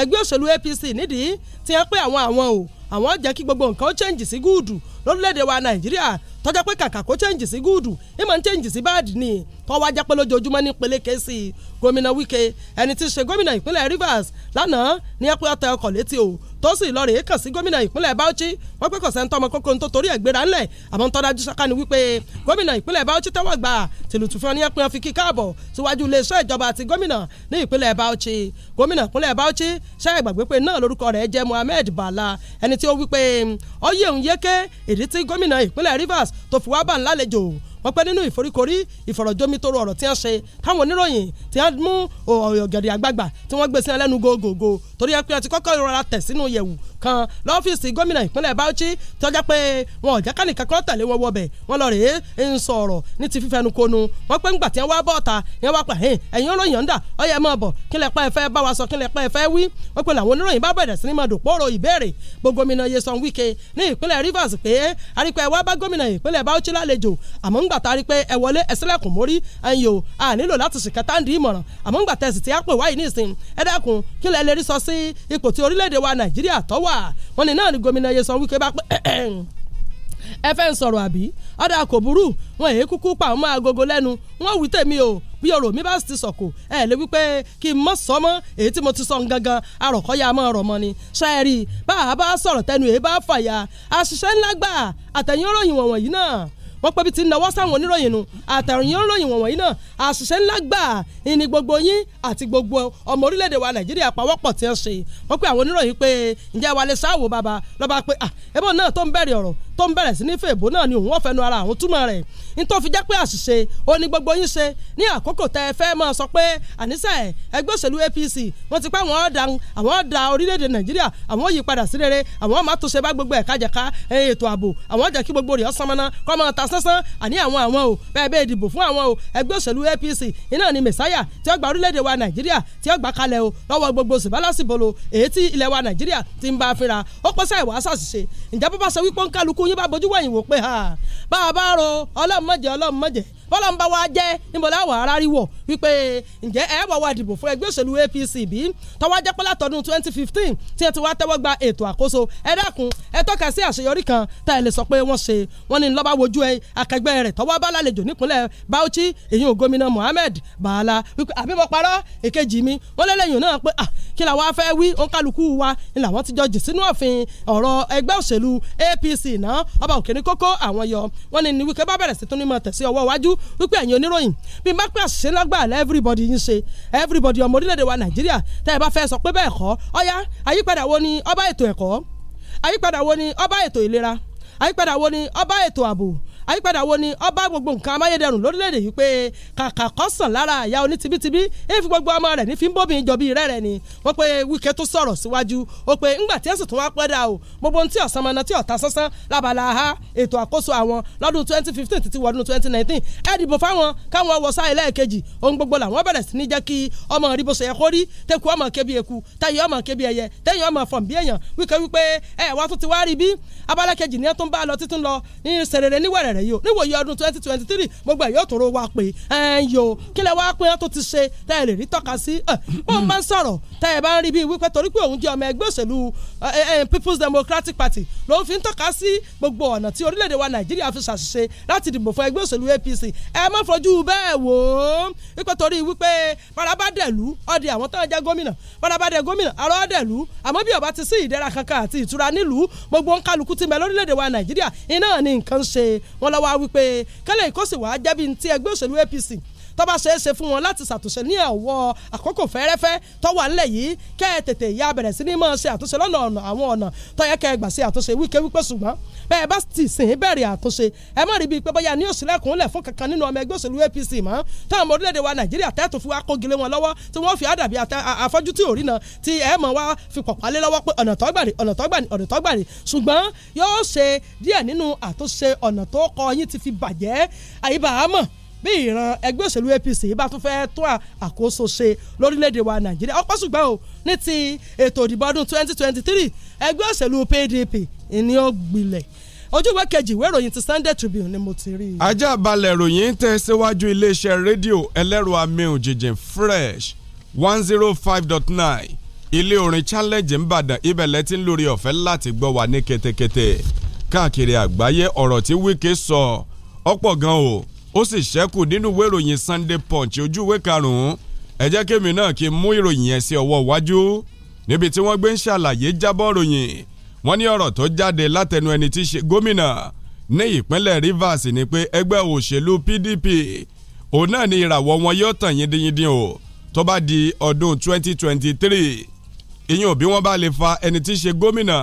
ẹgbẹ́ òṣèlú APC nídìí ti hàn pé àwọn àwọn o àwọn jẹ́ kí gbogbo nǹkan ó chẹ́ǹjì sí gúùdù lórílẹ̀‐èdè wa Nàìjíríà tọ́jà pé kàkà kó chẹ́ǹjì sí gúùdù ẹ máa ń chẹ́ǹjì sí báàdì ni tọ́wọ́ ajá pé lójoojúmọ́ ní peléke sí i gómìnà Wike ẹni tí í ṣe gómìnà ìpínlẹ̀ Rivers lánàá ní ẹ pé ọ̀tẹ̀ ọkọ̀ létí o tó sì lọ rèé kàn sí gómìnà ìpínlẹ̀ Bauchi wọ́n pé kò sẹ́ni tọmọ kókó tó torí ẹ̀ gbéra ńlẹ̀ àmọ́ ń tọ́dájú sọ́ká ni wípé gómìnà ìpínlẹ̀ Bauchi tẹ́wọ́ gbà tìlùtùfẹ́ ní ẹ̀pẹ́ fi kíkà àbọ̀ síwájú iléeṣẹ́ ìjọba àti gómìnà ní ìpínlẹ̀ Bauchi gómìnà ìpínlẹ̀ Bauchi ṣáà gbàgbé pé náà lórúkọ rẹ̀ jẹ́ Mohammed Bala ẹni tí ó wípé ó yẹ Rivers tó fi wá bá ń lálejò wọ́n pẹ́ nínú ìforíkorí ìfọ̀rọ̀jomitoro ọ̀rọ̀ tí wọ́n ṣe táwọn oníròyìn tí wọ́n mú ọ̀gẹ̀dẹ̀ àgbààgbà tí wọ́n gbé sí ẹlẹ́nu gògògò torí ẹ pé ọtí kọ́kọ́ ìrora tẹ̀ sínú yẹ̀wù kan lọ́fíìsì gómìnà ìpínlẹ̀ Bauchi tọ́já pé wọn ò jákàní kankan tẹ̀lé wọn wọbẹ̀ wọn lọ rèé ń sọ ọ̀rọ̀ ní ti fífẹnukonu wọn pé ńgbà tí wọn wá bọ́ ọ̀ta yẹn wá pa ẹ̀yìn olóyìn ọ̀ndà ọyẹ mọ̀ bọ̀ kí lẹ pa ẹ̀fẹ́ bá wa sọ kí lẹ pa ẹ̀fẹ́ wí wọn pé làwọn oníròyìn bá bẹ̀rẹ̀ sí ní máa dòpòrò ìbéèrè bó gómìnà Nyesom Wike ní ìpínlẹ̀ Rivers pé àrípẹ́ wá bá gómìnà ìpínlẹ̀ Bauchi lálejò àmọ́ ńgbà tá a rí pé ẹ wọlé ẹsẹ̀lẹ̀kùn mórí ẹ̀yìn o a nílò láti ṣìkẹ́tà ń di ìmọ̀ràn àmọ́ ńgbà tẹ̀sí ti á pè wáyé nísìnyí ẹ dákun kí lẹ lè rí sọ sí ipò tí orílẹ̀-èdè wa nàìjíríà tó wà wọ́n ní náà ni gómìnà Nyesom Wike bá pé ẹ fẹ́ ń sọ̀rọ̀ àbí ọ̀dà kò burú wọn èé kúkú pa àwọn agogo lẹ́nu wọn wí tèmi o bí ọ̀rọ̀ mi bá ti sọ̀kò ẹ lè wípé kí n mọ̀ sọ mọ́ èyí tí mo ti sọ ń gangan arọ̀kọ́yà mọ́ ọ̀rọ̀ mọ́ ni ṣáẹ́rì bá a bá sọ̀rọ̀ tẹnu èé bá fàyà àṣìṣe ńlá gbà àtẹ̀yìn òròyìn wọ̀nyí náà wọ́n pẹ́ bí ti ń nawọ́ sáwọn oníròyìn nu àtàròyìn oníròyìn wọ̀nyí náà àṣìṣe ńlá gbà ìní gbogbo yín àti gbogbo ọmọ orílẹ̀-èdè wa nàìjíríà pawọ́pọ̀ tí ń ṣe wọ́n pẹ́ àwọn oníròyìn pé ǹjẹ́ wa lè ṣáàwò bàbá lọ́ba pé à ẹbọ náà tó ń bẹ̀rẹ̀ ọ̀rọ̀ tó ń bẹ̀rẹ̀ sí ní fèèbó náà ni òun ọ̀fẹ́nu ara àwọn túmọ̀ rẹ̀ ní tó fi jẹ́ pé àṣìṣe ó ní gbogbo yín ṣe ní àkókò tẹ ẹ fẹ́ máa sọ pé àníṣe ẹgbẹ́ òṣèlú APC wọ́n ti pé àwọn ọ̀dà àwọn ọ̀dà orílẹ̀-èdè nàìjíríà àwọn yí sí rere àwọn máa tún ṣe bá gbogbo ẹ̀ka jẹ̀ka ètò ààbò àwọn jẹ́ kí gbogbo rẹ̀ ọ̀sán mọ́ná kọ́ máa ta sánsán àní àwọn àwọn o bẹ́ẹ̀ bẹ́ẹ̀ dìbò fún àwọn o ẹgbẹ́ òṣèlú APC iná ni mẹ̀sáyà tí ó gba orílẹ̀-èdè wa Nàìjíríà tí ó gbà kalẹ̀ o lọ́wọ́ gbogbo sìbálàsìbolo èyí tí ilẹ̀ wa Nàìjíríà ti ń bá a fínra ó pọ́sẹ́ ìwà sàṣìṣe ǹjẹ́ bàbá sọ wípé ń kálukú yín bá bojú wẹ̀yìn wò pé ha bá a bá ro ọlọ́mọdé ọlọ́mọdé bọ́lá ń bá wa jẹ́ níbo láwọ̀ aráríwọ̀ wípé ǹjẹ́ ẹ wà wá dìbò fún ẹgbẹ́ òṣèlú APC bí tọ́wọ́ jẹ́ pé látọdún twenty fifteen tí ẹ ti wá tẹ́wọ́ gba ètò àkóso ẹ dákun ẹ tọ́ka sí àṣeyọrí kan tá ẹ lè sọ pé wọ́n ṣe wọ́n ní lọ́ba wojú ẹ akẹgbẹ́ rẹ̀ tọ́wọ́ bá lálejò nípínlẹ̀ Bauchi èyàn gómìnà Mohammed Bala wípé àbí mo parọ́ èkejì mi wọ́n lẹ́lẹ́yìn náà pé kí làwọn afẹ́ wí òǹkálukú wa ni làwọn ti jọ jì sínú òfin ọ̀rọ̀ ẹgbẹ́ òṣèlú APC náà ọba òkèrè kókó àwọn yọ wọ́n ní ní wíkẹ́ bá bẹ̀rẹ̀ sí tún ní mọ̀ tẹ̀sí ọwọ́ iwájú wípé ẹ̀yin oníròyìn bí má pẹ́ àṣìṣe lágbà lẹ́ everybody yín ṣe everybody ọmọ orílẹ̀-èdè wa nàìjíríà tá ẹ bá fẹ́ sọ pé bẹ́ẹ̀ kọ́ ọ̀yá àyípadà wo ni ọba ètò ẹ̀kọ́ àyípadà wo ni ọba ètò ìlera àyípadà wo ni ọba ètò ààbò àyípadà wo ni ọba gbogbo nǹkan amáyédẹrùn lórílẹ̀‐èdè yìí pé kàkà kọ́sàn lára àyà oní tibítibí èyí fi gbogbo ọmọ rẹ̀ ní fi ń bóbi ìjọ rẹ̀ rẹ̀ ni wọ́n pe Wike tó sọ̀rọ̀ síwájú ó pe ńgbà tí ẹ̀sùn tó wá pẹ́ dà o gbogbo ohun tí ọ̀sán mọ́ná tí ọ̀tá sánsán lábala ha ètò àkóso àwọn lọ́dún 2015 títí wọ́dún 2019 ẹ̀ fáwọn káwọn wọ sáà ẹlẹ́ẹ̀kejì ohun gbogbo làwọn bẹ̀rẹ̀ sí ní jẹ́ kí ọmọ ìdìbò sọ̀yẹ́ kó tẹ́kù ọmọ kébi eku táyé ọmọ kébi ẹyẹ tẹ́yìn ọmọ fọ̀n bí èèyàn wíkẹ́ wípé ẹ̀ wá tún ti wá rí bí abala kejì ni ẹ tún bá lọ títún lọ ní sèrèrè níwẹ̀rẹ̀r bẹ̀rẹ̀ yìí o níwòye ọdún twenty twenty three gbogbo ẹ̀ yóò tó ro wa pé ẹ̀ ń yo kí lẹ wá pé wọ́n tó ti ṣe tẹ́ ẹ lè rí tọ́ka sí bó ń bá ń sọ̀rọ̀ tẹ́ ẹ bá ń rí bíi wípé torí pé òun jẹ́ ọmọ ẹgbẹ́ òṣèlú People's Democratic Party ló ń fi ń tọ́ka sí gbogbo ọ̀nà tí orílẹ̀-èdè wa Nàìjíríà fi ṣàṣìṣe láti dìbò fún ẹgbẹ́ òṣèlú APC ẹ má fojú bẹ́ẹ̀ wò ó wípé torí wípé parabadẹ̀lú ọdẹ àwọn tó ń jẹ́ gómìnà parabadẹ̀ gómìnà arọ́dẹ̀lú àmọ́ bí ọba ti sí ìdẹ́ra kankan àti ìtura nílùú gbogbo ń kálukú ti mẹ́ lórílẹ̀-èdè wa Nàìjíríà iná ní nǹkan ṣe wọ́n Awólọ́wọ̀ wípé kẹ́lẹ́ ìkọ́sí wàá jẹ́bi ti ẹgbẹ́ òṣèlú APC tó bá ṣeé ṣe fún wọn láti ṣàtúnṣe ní ọ̀wọ́ àkókò fẹ́rẹ́fẹ́ tó wà nílẹ̀ yìí kẹ́ ẹ tètè ya bẹ̀rẹ̀ sí ní máa ṣe àtúnṣe lọ́nà ọ̀nà àwọn ọ̀nà tó yẹ kẹ́ ẹ gbà ṣe àtúnṣe wíkẹ́ wípé ṣùgbọ́n bẹ́ẹ̀ bá ti sìn bẹ̀rẹ̀ àtúnṣe ẹ má rí bíi pé bóyá ní òṣìlẹ̀kùn lẹ̀ fún kankan nínú ọmọ ẹgbẹ́ òṣèlú APC mọ́ táwọn orílẹ̀-èdè wa Nàìjíríà tẹ́tù fún wa kógilé wọn lọ́wọ́ tí wọ́n fi àdàbí àfọ́jú tí ò rí náà tí ẹ mọ̀ wá fi pọ̀pá lé lọ́wọ́ pé ọ̀nà tọ́gbàrì ọ̀nà tọ́gbàrì ọ̀nà tọ́gbàrì ṣùgbọ́n yóò ṣe díẹ̀ nínú àtúnṣe ọ̀nà tó kọ yín ti fi bàjẹ́ àyíbá àmọ́ bí ìran ẹgbẹ́ òṣèlú APC bá tún fẹ́ tó àkóso ṣe lórílẹ̀‐èdè wa Nàìjíríà ọ̀pọ̀ ṣùgbọ́n o ní ti ètò ìdìbò ọdún 2023 ẹgbẹ́ òṣèlú PDP ni ó gbilẹ̀ ojúwe kejì ìwé ìròyìn ti Sunday Tribune ni mo ti rí. ajá balẹ̀ ìròyìn tẹ̀ síwájú iléeṣẹ́ rédíò ẹlẹ́rọ amí òjèjì fresh one zero oh five dot nine ilé orin challenge ńbàdàn ibẹ̀lẹ̀ tí ń lórí ọ̀fẹ́ láti gbọ́ wa ní ketekete káàkiri àgbáyé ọ̀rọ̀ tí Wike sọ ọ̀pọ̀ gan o ó sì ṣẹ́kù nínú ìwé ìròyìn Sunday Punch ojú ìwé karùn-ún ẹ jẹ́ kémi náà kí n mú ìròyìn yẹn sí ọwọ́ iwájú níbi tí wọ́n gbé ń ṣàlàyé jábọ̀ ròyìn wọ́n ní ọ̀rọ̀ tó jáde látẹnu ẹni tí í ṣe gómìnà ní ìpínlẹ̀ Rivers ni pé ẹgbẹ́ òṣèlú PDP òun náà ni ìràwọ̀ wọn yóò tàn yíndínyíndín o tó bá di ọdún 2023 ìyẹn òbí wọn bá lè fa ẹni tí í ṣe gómìnà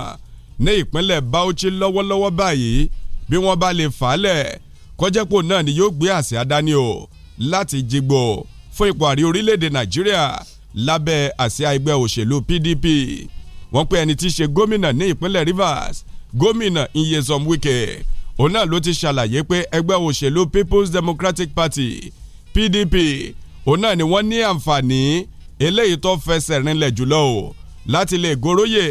ní ìpínlẹ̀ Bauchi lọ́wọ́lọ́wọ́ báyìí bí wọ́n bá lè fà á lẹ̀ kọjẹ́pò náà ni yóò gbé àsíá dání o láti jigbó fún ipò àrí orílẹ̀-èdè nàìjíríà lábẹ́ àsíá ẹgbẹ́ òṣèlú PDP wọ́n pe ẹni tí í ṣe gómìnà ní ìpínlẹ̀ Rivers gómìnà Nyesom Wike òun náà ló ti ṣàlàyé pé ẹgbẹ́ òṣèlú People's Democratic Party PDP òun náà ni wọ́n ní àǹfààní eléyìí tó fẹsẹ̀ rinlẹ̀ jùlọ o láti lè goróyè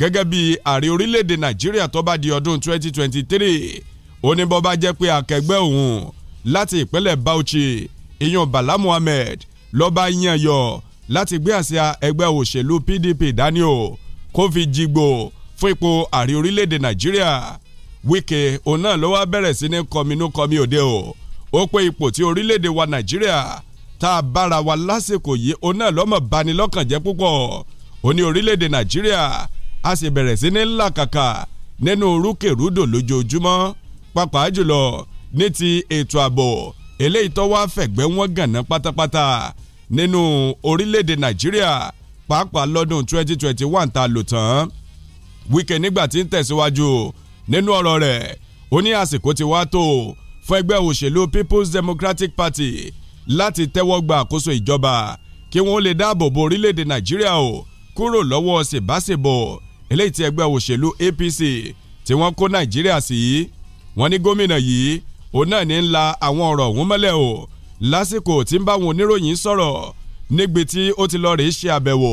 gẹ́gẹ́ bí ààrẹ orílẹ̀-èdè Nàìjíríà tó bá di ọdún 2023 ó ní bó bá jẹ́ pé akẹgbẹ́ òun láti ìpínlẹ̀ Bauchi ìyún Bala Mohammed ló bá yàn yọ láti gbé àsíá ẹgbẹ́ òṣèlú PDP dání o kó fi jigbó fún ipò ààrẹ orílẹ̀-èdè Nàìjíríà Wike òun náà ló wá bẹ̀rẹ̀ sí ní kọminú kọmi òde o ó pé ipò tí orílẹ̀-èdè wa Nàìjíríà tá a bára wa lásìkò yìí òun náà lọ́mọ̀ bani lọ́kàn jẹ́ púpọ̀ ó ní orílẹ̀-èdè Nàìjíríà a sì bẹ̀rẹ̀ sí ní làkàkà nínú rúkèrúdò lójoojúmọ́ pàápàá jùlọ ní ti ètò ààbò eléyìí tó wá fẹ̀gbẹ́ wọn gànà pátápátá nínú orílẹ̀-èdè nàìjíríà pàápàá lọ́dún 2021 ta lò tán Wike nígbà tí ń tẹ̀síwájú nínú ọ̀rọ̀ rẹ̀ ó ní àsìkò ti wá tó fún ẹgbẹ́ òṣèlú People's Democratic Party láti tẹ́wọ́ gba àkóso ìjọba kí wọ́n lè dáàbò bo orílẹ̀-èdè nàìjíríà o kúrò lọ́wọ́ ṣèbáṣebọ̀ eléyìí tí ẹgbẹ́ òṣèlú APC tí wọ́n kó nàìjíríà sí wọ́n ní gómìnà yìí òun náà ní ń la àwọn ọ̀rọ̀ ọ̀hún mọ́lẹ̀ o lásìkò tí ń bá àwọn oníròyìn sọ̀rọ̀ nígbì tí ó ti lọ rèé ṣe àbẹ̀wò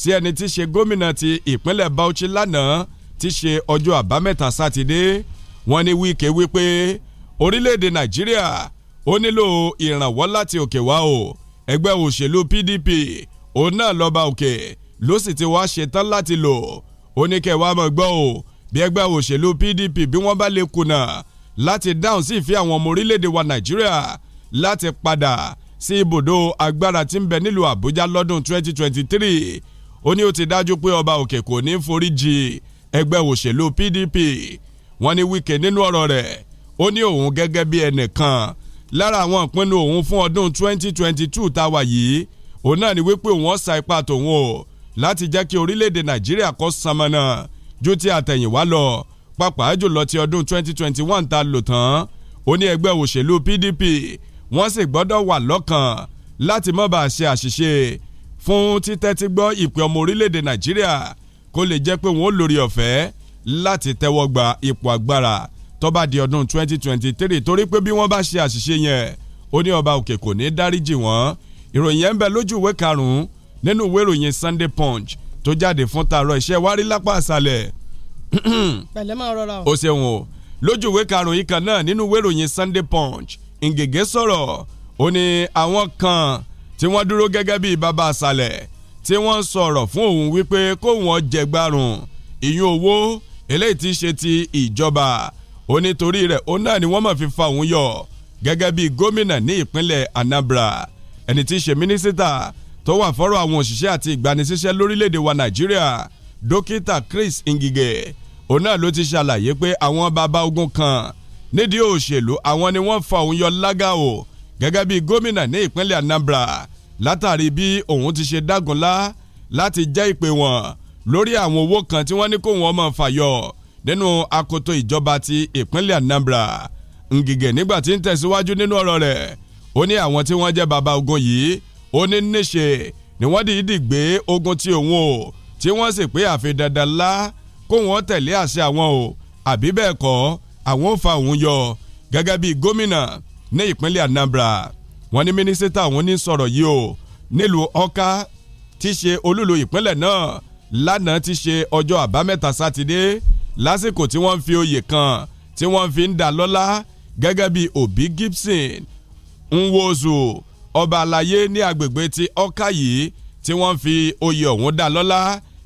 sí ẹni tí ṣe gómìnà ti ìpínlẹ̀ Bauchi lánàá ti ṣe ọjọ́ àbámẹ́ta sátidé wọ́n ní Wike wípé orílẹ̀-èdè Nàìjíríà ó nílò ìrànwọ́ láti òkè wá o ẹgbẹ́ òṣèlú PDP òun náà lọ́ba òkè ló sì ti wá ṣetán láti lò ó mọ̀ gbọ́ o bí ẹgbẹ́ òṣèlú PDP bí wọ́n bá lè kùnà láti dáhùn sí ìfẹ́ àwọn ọmọ orílẹ̀-èdè wa Nàìjíríà láti padà sí ibùdó agbára tí ń bẹ nílùú Àbújá lọ́dún 2023 ó ní ó ti dájú pé ọba òkè kò ní forí jì ẹgbẹ́ òṣèlú PDP wọ́n ní Wike nínú ọ̀rọ̀ rẹ̀ ó ní òun gẹ́gẹ́ bí ẹnìkan lára àwọn ìpinnu òun fún ọdún 2022 tá a wà yìí òun náà ni wípé òun ọ̀sà ipá tòun o láti jẹ́ kí orílẹ̀-èdè Nàìjíríà kó sanmọ́nà ju ti àtẹ̀yìnwá lọ pàápàá jùlọ ti ọdún 2021 ta lò tán ó ní ẹgbẹ́ òṣèlú PDP wọ́n sì gbọ́dọ̀ wà lọ́kàn láti má bàa ṣe àṣìṣe fún títẹ́tí gbọ́ ìpè ọmọ orílẹ̀-èdè Nàìjíríà kó lè jẹ́ pé wọ́n lórí ọ̀fẹ́ láti tẹ́wọ́ gba ipò agbára tó di ọdún 2023 torí pé bí wọ́n bá ṣe àṣìṣe yẹn ó ní ọba òkè kò ní dáríjì wọ́n ìròyìn yẹn ń bẹ lójú ìwé karùn-ún nínú ìwé ìròyìn Sunday Punch tó jáde fún tààrọ̀ iṣẹ́ wárí lápá àṣálẹ́. pẹ̀lẹ́ máa rọra o. ó ṣeun o lójú ìwé yìí kan náà nínú ìwé Sunday Punch Ngègé sọ̀rọ̀ ó ní àwọn kan tí wọ́n dúró gẹ́gẹ́ bíi bàbá àṣálẹ̀ tí wọ́n ń sọ̀rọ̀ fún òun wípé kóun ọ̀jẹ̀ gbárùn ìyún owó eléyìí ti ṣe ti ìjọba ó nítorí rẹ̀ ó náà ni wọ́n máa fi fa òun yọ gẹ́gẹ́ bíi gómìnà ní ìpínlẹ̀ Anambra ẹni tí í ṣe mínísítà tó wà fọ́rọ̀ àwọn òṣìṣẹ́ àti ìgbanisíṣẹ́ lórílẹ̀‐èdè wa nàìjíríà dókítà Chris Ngige òun náà ló ti ṣàlàyé pé àwọn bàbá ogun kan nídìí òṣèlú àwọn ni wọ́n fa òun yọ lága o gẹ́gẹ́ bí gómìnà ní ìpínlẹ̀ Anambra látàrí bí òun ti ṣe dágunlá láti jẹ́ ìpè wọn lórí àwọn owó kan tí wọ́n ní kó wọn fàyọ nínú akoto ìjọba ti ìpínlẹ̀ Anambra Ngige nígbà tí ń tẹ̀síwájú nínú ọ̀rọ̀ rẹ̀ ó ní àwọn tí wọ́n jẹ́ bàbá ogun yìí ó ní níṣe ni wọ́n dìídì gbé ogun ti òun o tí wọ́n sì pé àfi dandan lá kó wọ́n tẹ̀lé àṣẹ àwọn o àbí bẹ́ẹ̀ kọ́ àwọn ò fa òun yọ gẹ́gẹ́ bí gómìnà ní ìpínlẹ̀ Anambra wọ́n ní mínísítà òun ní sọ̀rọ̀ yìí o nílùú Ọ̀ka tí í ṣe olúlo ìpínlẹ̀ náà lánàá tí í ṣe ọjọ́ àbámẹ́ta sátidé lásìkò tí wọ́n fi oyè kan tí wọ́n fi ń dá lọ́lá gẹ́gẹ́ bí Obi Gibson Nwosu ọba àlàyé ní agbègbè ti ọkà yìí tí wọ́n fi oyè ọ̀hún dá lọ́lá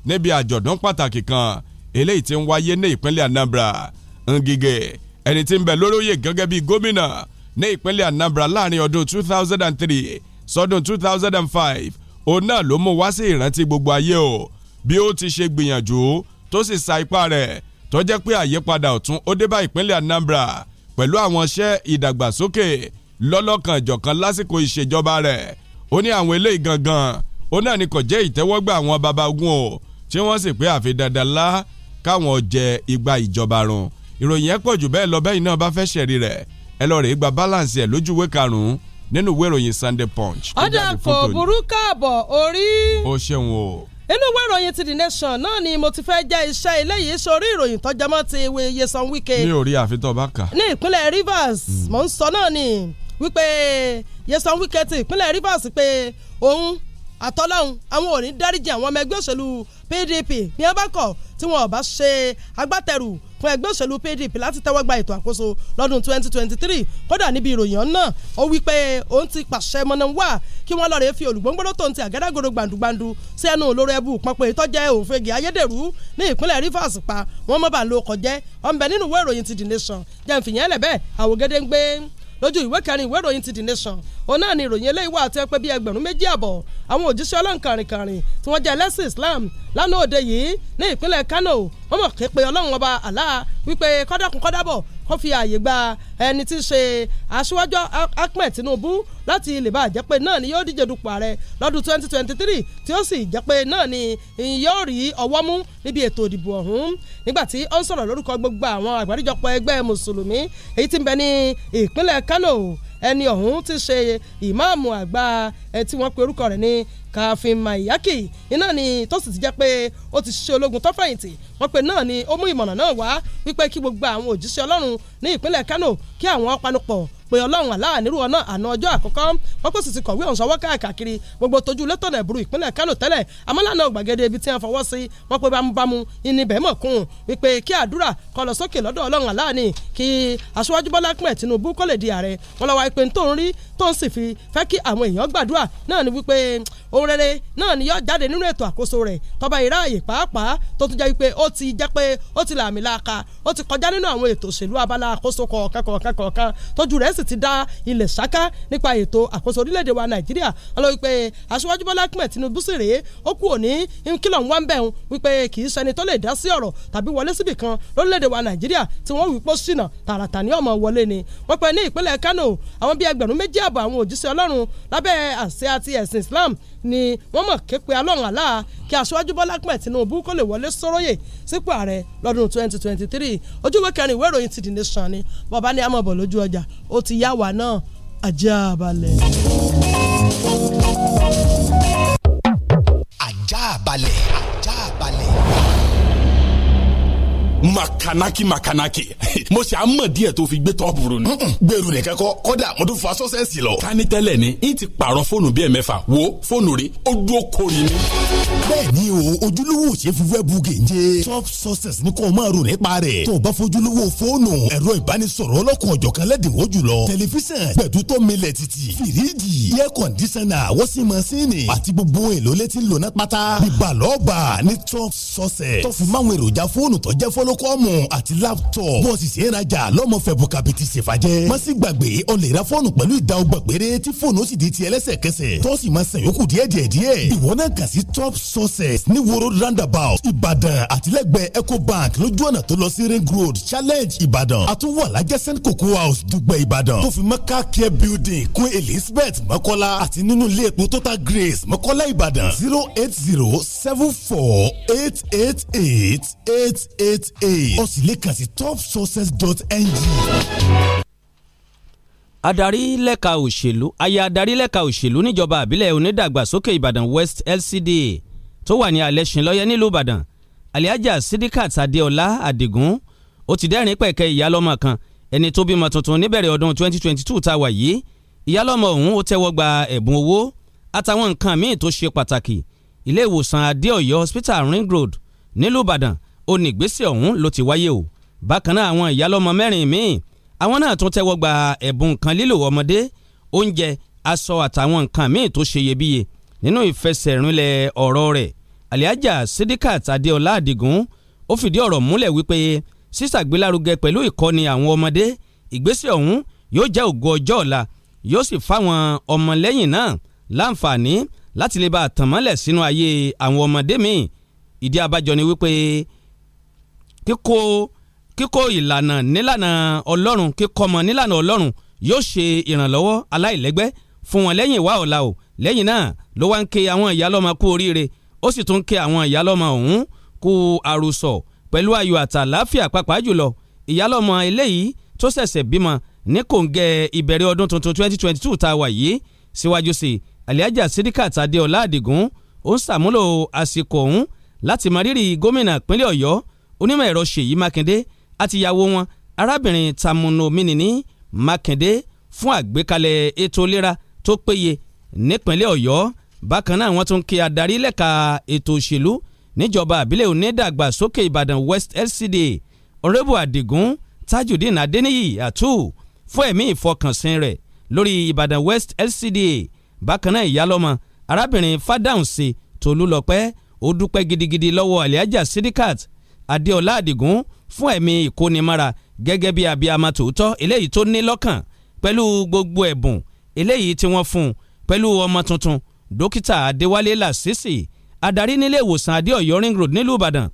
níbi àjọ̀dún pàtàkì kan eléyìí tí ń wáyé ní ìpínlẹ̀ Anambra Ngige ẹni tí ń bẹ lórí oyè gẹ́gẹ́ bí gómìnà ní ìpínlẹ̀ Anambra láàrin ọdún 2003 sọdún 2005 òun náà ló mú wá sí ìrántí gbogbo ayé o bí ó ti ṣe gbìyànjú tó sì sa ipá rẹ̀ tó jẹ́ pé àyípadà ọ̀tun ó dé bá ìpínlẹ̀ Anambra pẹ̀lú àwọn iṣẹ́ ìdàgbàsókè lọ́lọ́kanjọ̀kan lásìkò ìṣèjọba rẹ̀ ó ní àwọn eléyìí gangan ó náà ní kò jẹ́ ìtẹ́wọ́gbà àwọn babagun o tí wọ́n sì pé àfi dandan lá káwọn jẹ igba ìjọba run ìròyìn ẹ̀ pọ̀ jù bẹ́ẹ̀ lọ bẹ́yìn náà bá fẹ́ ṣẹ̀rí rẹ̀ ẹ lọ rèé gba balance ẹ̀ lójúwé karùn-ún nínú ìwé ìròyìn Sunday Punch. ọ̀dà kò burú káàbọ̀ orí. ó ṣeun o inú ìwé ìròyìn ti the nation náà ni mo ti fẹ́ jẹ́ iṣẹ́ eléyìí sórí ìròyìn tọ́jọ́mọ́ ti Nyeori, Afrika, mm. Rivers, mm. Monsona, ni wípé Nyesom Wike ti ìpínlẹ̀ Rivers pé òun àtọ́lọ́hún àwọn ò ní dáríjì àwọn ọmọ ẹgbẹ́ òṣèlú PDP bí wọ́n bá kọ̀ tí wọ́n bá ṣe agbátẹrù fún ẹgbẹ́ òṣèlú PDP láti tẹ́wọ́ gba ètò àkóso lọ́dún 2023 kódà níbi ìròyìn náà ó wí pé òun ti pàṣẹ mọ́nàwá kí wọ́n lọ́ọ́ rẹ̀ fi olùgbòǹgbòrò tó ń ti àgádágodo gbàǹdùgbàǹdù sí ẹnu olóró ẹbù pọ̀npẹ́ tó jẹ́ òfegè ayédèrú ní ìpínlẹ̀ Rivers pa wọ́n mọ́ bá ń lo ọkọ̀ jẹ́ ọ̀nbẹ nínú ìwé ìròyìn ti The Nation jẹ́ ń fìyẹn lẹ̀ bẹ́ẹ̀ àwògede ń gbé lójú ìwé kẹrin ìwé ìròyìn ti the nation òun náà ni ìròyìn eléyìí wà àti ẹpẹ bíi ẹgbẹ̀rún méjì àbọ̀ àwọn òjíṣẹ́ ọlọ́run tí wọ́n jẹ́ ẹlẹ́sìn islam lánàá òde yìí ní ìpínlẹ̀ kano wọ́n mọ̀ képe ọlọ́run ọba àlá wípé kọ́dọ̀kùn kọ́dàbọ̀ kó fi ààyè gba ẹni tí í ṣe aṣíwájú Ahmed Tinubu láti lè bá jẹ́ pé náà ni yóò díje dupò ààrẹ lọ́dún 2023 tí ó sì jẹ́ pé náà ni yóò rí ọwọ́ mú níbi ètò ìdìbò ọ̀hún nígbà tí ó ń sọ̀rọ̀ lórúkọ gbogbo àwọn àgbáríjọpọ̀ ẹgbẹ́ mùsùlùmí èyí tí ń bẹ ní ìpínlẹ̀ Kano ẹni ọ̀hún ti ṣe ìmáàmù àgbà ẹ tí wọ́n pe orúkọ rẹ̀ ní Kafin Maiyaki iná ni tó sì ti jẹ́ pé ó ti ṣiṣẹ́ ológun tó wọ́n pe náà ni ó mú ìmọ̀ràn náà wá wípé kí gbogbo àwọn òjíṣẹ́ Ọlọ́run ní ìpínlẹ̀ Kano kí àwọn panupọ̀ pé ọlọ́run aláàánírú ọ̀nà àná ọjọ́ àkọ́kọ́ wọ́n kò sì ti kọ̀wé ọ̀hún sọwọ́ káàkiri gbogbo tójú létọ̀nà ìbúrú ìpínlẹ̀ kánò tẹ́lẹ̀ amọ́lànà gbàgede ibi tí wọ́n fọwọ́ sí wọ́n pe bámúbámú ìníbẹ̀ mọ̀ kún wípé kí àdúrà kó lọ sókè lọ́dọ̀ ọlọ́run aláàánì kí aṣáájú bọ́lá pẹ̀ tinubu kó lè di ààrẹ wọn lọ́wọ́ ìpè tó ń rí tó ń sì fi fẹ́ kí àwọn èèyàn gbàdúrà náà ni wípé ohun rere náà ni yóò jáde nínú ètò àkóso rẹ̀ tọba ìráàyè pàápàá tó tún jẹ́ wípé ó ti jẹ́ pé ó ti làmìlaka ó ti kọjá nínú àwọn ètò òṣèlú abala àkóso kọ̀ọ̀kan kọ̀ọ̀kan kọ̀ọ̀kan tójú rẹ̀ sì ti dá ilẹ̀ ṣáká nípa ètò àkóso orílẹ̀-èdè wa nàìjíríà ọlọ́ wípé aṣíwájú bọ́lá ahmed tinubu sì rèé ó kú òní kìlọ̀ wọn bẹ̀ ń wípé kì í ṣẹni tó lè dá sí ọ̀rọ̀ tàbí wọlé síbì kan lórílẹ̀-èdè wa nàìjíríà tí wọ́n wípó ṣìnà tààràtà ní ọmọ wọlé ni wọ́n pẹ́ ní ìpínlẹ̀ kano àwọn bíi ẹgbẹ̀rún méjì àbọ̀ àwọn òjíṣẹ́ ọlọ́run lábẹ́ àsíá ti ẹ̀sìn islam ni wọ́n mọ̀ képe alọ́run àlá kí aṣáájú Bọ́lá Ahmed Tinubu kó lè wọlé sóróyè sípò ààrẹ lọ́dún 2023 ojúwé kẹrin ìwé ìròyìn ti The Nation ni bàbá ní amọ̀bọ̀ lójú ọjà ó ti yá wa náà ajá balẹ̀. ajá balẹ̀ ajá balẹ̀ makanaki makanaki mo ṣe àmọ̀ díẹ̀ tó fi gbé tọ́pù rò ni. gbèrú nìkan kọ kọ́dà mo tún fa sọ́sẹ̀sì lọ. ká ní tẹ́lẹ̀ ni n ti pààrọ̀ fóònù bíi ẹ̀mẹ́fà wo fóònù rí ó dúró kori ni. bẹ́ẹ̀ni o ojúlówó ṣe fi wẹ́ẹ̀bù gèje top success ní kò máa rò nípa rẹ̀ tó o bá fojúlówó fóònù ẹ̀rọ ìbánisọ̀rọ̀ ọlọ́kùn ọ̀jọ̀kan lẹ́dínwó jùlọ tẹlifíṣàn gbẹ̀dútọ́ milẹ̀ títì fìríjì air conditioner wọ́sí masínì àti gbogbo èlò létí lónà pátá ìbàlọ́ọ̀bà ní top success tó fi máwọn èròjà fóònù tó jẹ́ fọ́l kọ́lọ́kọ́mù àti laptop bọ́ọ̀sì sì ń rajà lọ́mọ fẹ́ bùkàbìtì ṣèfàjẹ́ má sì gbàgbé ọ lè ra fọ́ọ̀nù pẹ̀lú ìdá ọgbà péré tí fóònù ó sì di tiẹ̀ lẹ́sẹ̀kẹsẹ̀ tó sì máa san yòókù díẹ̀ díẹ̀ díẹ̀ ìwọ náà kà sí top sources ní woro roundabout ìbàdàn àtìlẹ́gbẹ̀ẹ́ ecobank lójú ọ̀nà tó lọ sí ring road challenge ìbàdàn àtúwọ̀ alájẹsẹ́ni cocoa house dùgbẹ̀ ìbàdàn tó fi building kún elizabeth mọ́kọ́lá àti nínú ilé epo grace mọ́kọ́lá ìbàdàn zero eight zero seven four eight eight eight eight eight ó sì lè kàn sí topsources.ng. adarí lẹ́ka òṣèlú aya adarí lẹ́ka òṣèlú níjọba àbílẹ̀ onídàgbàsókè ìbàdàn west LCD. tó wà ní alẹ́sìnlọ́yẹ nílùú ìbàdàn aliaja sidikat adeola adigun ó ti dẹ́rìn pẹ̀kẹ́ ìyálọ́mọ kan ẹni tó bímọ tuntun níbẹ̀rẹ̀ ọdún 2022 tá a wà yìí ìyálọ́mọ ọ̀hún ó tẹ́wọ́ gba ẹ̀bùn owó àtàwọn nǹkan míì tó ṣe pàtàkì ilé ìwòsàn adéọ̀yọ́ hospital ring road nílùú ìbàdàn ó ní ìgbésẹ̀ ọ̀hún ló ti wáyé o bákan náà àwọn ìyálọ́mọ mẹ́rin míì àwọn náà tún tẹ́wọ́ gba ẹ̀bùn nǹkan lílò ọmọdé oúnjẹ aṣọ àtàwọn nǹkan míì tó ṣe iyebíye nínú ìfẹsẹ̀rinlẹ̀ ọ̀rọ̀ rẹ̀ aliaja sidikat adeola adigun ó fìdí ọ̀rọ̀ múlẹ̀ wípé sísàgbélárugẹ pẹ̀lú ìkọ́ni àwọn ọmọdé ìgbésẹ̀ ọ̀hún yóò jẹ́ ògo ọjọ́ ọ̀la yóò sì fáwọn ọmọlẹ́yìn náà láǹfààní láti lè bá àtànmọ́lẹ̀ sínú ayé àwọn ọmọdé míì ìdí abájọ ni wípé kíkó kíkó ìlànà nílànà ọlọ́run kíkọ́ ọmọ nílànà ọlọ́run yóò ṣe ìrànlọ́wọ́ aláìlẹ́gbẹ́ fún wọn lẹ́yìn ìwà ọ̀la o lẹ́yìn náà ló wá ń ké àwọn ìyálọ́mọ kú oríire ó sì tún ké àwọn ìyálọ́mọ ọ̀hún kú àròsọ pẹ̀lú ayọ̀ àtàláfíà pàápàá jùlọ ìyálọ́mọ eléyìí tó ṣẹ̀ṣẹ̀ bímọ ní kòǹgẹ́ ìbẹ̀rẹ̀ ọdún tuntun 2022 tá a wà yìí síwájú sí Alhaja Sidikat Adéọlá Adigun ó ń ṣàmúlò àsìkò ọ̀hún láti mọ rírì gómìnà ìpínlẹ̀ Ọ̀yọ́ onímọ̀ ẹ̀rọ Ṣèyí Mákindé àtìyàwó wọn arábìnrin Tamunomini Mákindé fún àgbékalẹ̀ ètò ìlera tó péye nípínlẹ̀ Ọ̀yọ́ bákan náà wọ́n tún kí adarí lẹ́ka ètò òṣèlú níjọba àbílẹ̀ onídàgbàsókè Ìbàdàn West LCD ọ̀rẹ́bù Àdìgún Tajudeen Adeniyi Atu fún ẹ̀mí ìfọkànsìn rẹ̀ lórí Ìbàdàn West LCD bákan náà ìyálọ́mọ arábìnrin Fádàùnsè Tolúlọpẹ́ ó dúpẹ́ gidigidi lọ́wọ́ Alhaja Sidikat adéọlá àdìgún fún ẹ̀mí ìkónimára gẹ́gẹ́ bí abiyamọ tòótọ́ eléyìí tó ní lọ́kàn pẹ̀lú gbogbo ẹ̀bùn eléyìí tí wọ́n fún un pẹ̀lú ọmọ tuntun dókítà adéwálé làṣìṣì adarí nílé ìwòsàn adéọ̀yọ́ ring road nílùú ìbàdàn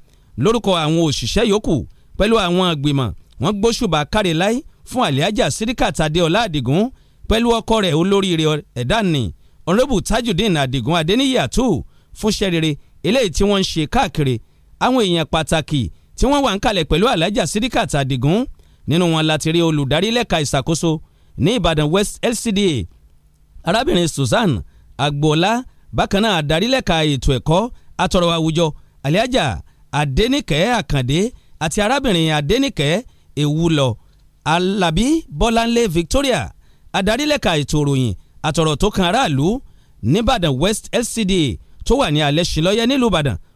lórúkọ àwọn òṣìṣẹ́ yòókù pẹ̀lú àwọn ìgbìmọ̀ wọ́n gbóṣùbà káre láì fún àlíájà síríkàt adéọlá àdìgún pẹ̀lú ọkọ rẹ̀ olóríire ẹ̀dá ni ọ̀rẹ́bù tajudeen àdìgún adéníyàtú fúnṣẹ́ rere eléyìí tí wọ́n ń ṣe káàkiri àwọn èèyàn pàtàkì tí wọ́n wà ń kalẹ̀ pẹ̀lú alájà síríkà tàdìgún nínú wọn láti rí olùdarí lẹ́ka ìṣàkóso ní ìbàdàn west lcda arábìnrin susan agboola bákan náà adarí lẹ́ka ètò ẹ̀kọ́ atọ̀rọ̀ àwùjọ aliaja adẹnikẹ́ àkàndé àti arábìnrin adẹnikẹ́ ewúlọ alabi bọ́láńlé victoria adarí lẹ́ka ètò ìròyìn àtọ̀rọ̀ tó kan aráàlú nìbàdàn west lcda tó wà ní alẹ́ sílọ́yẹ nílùú ìbàdàn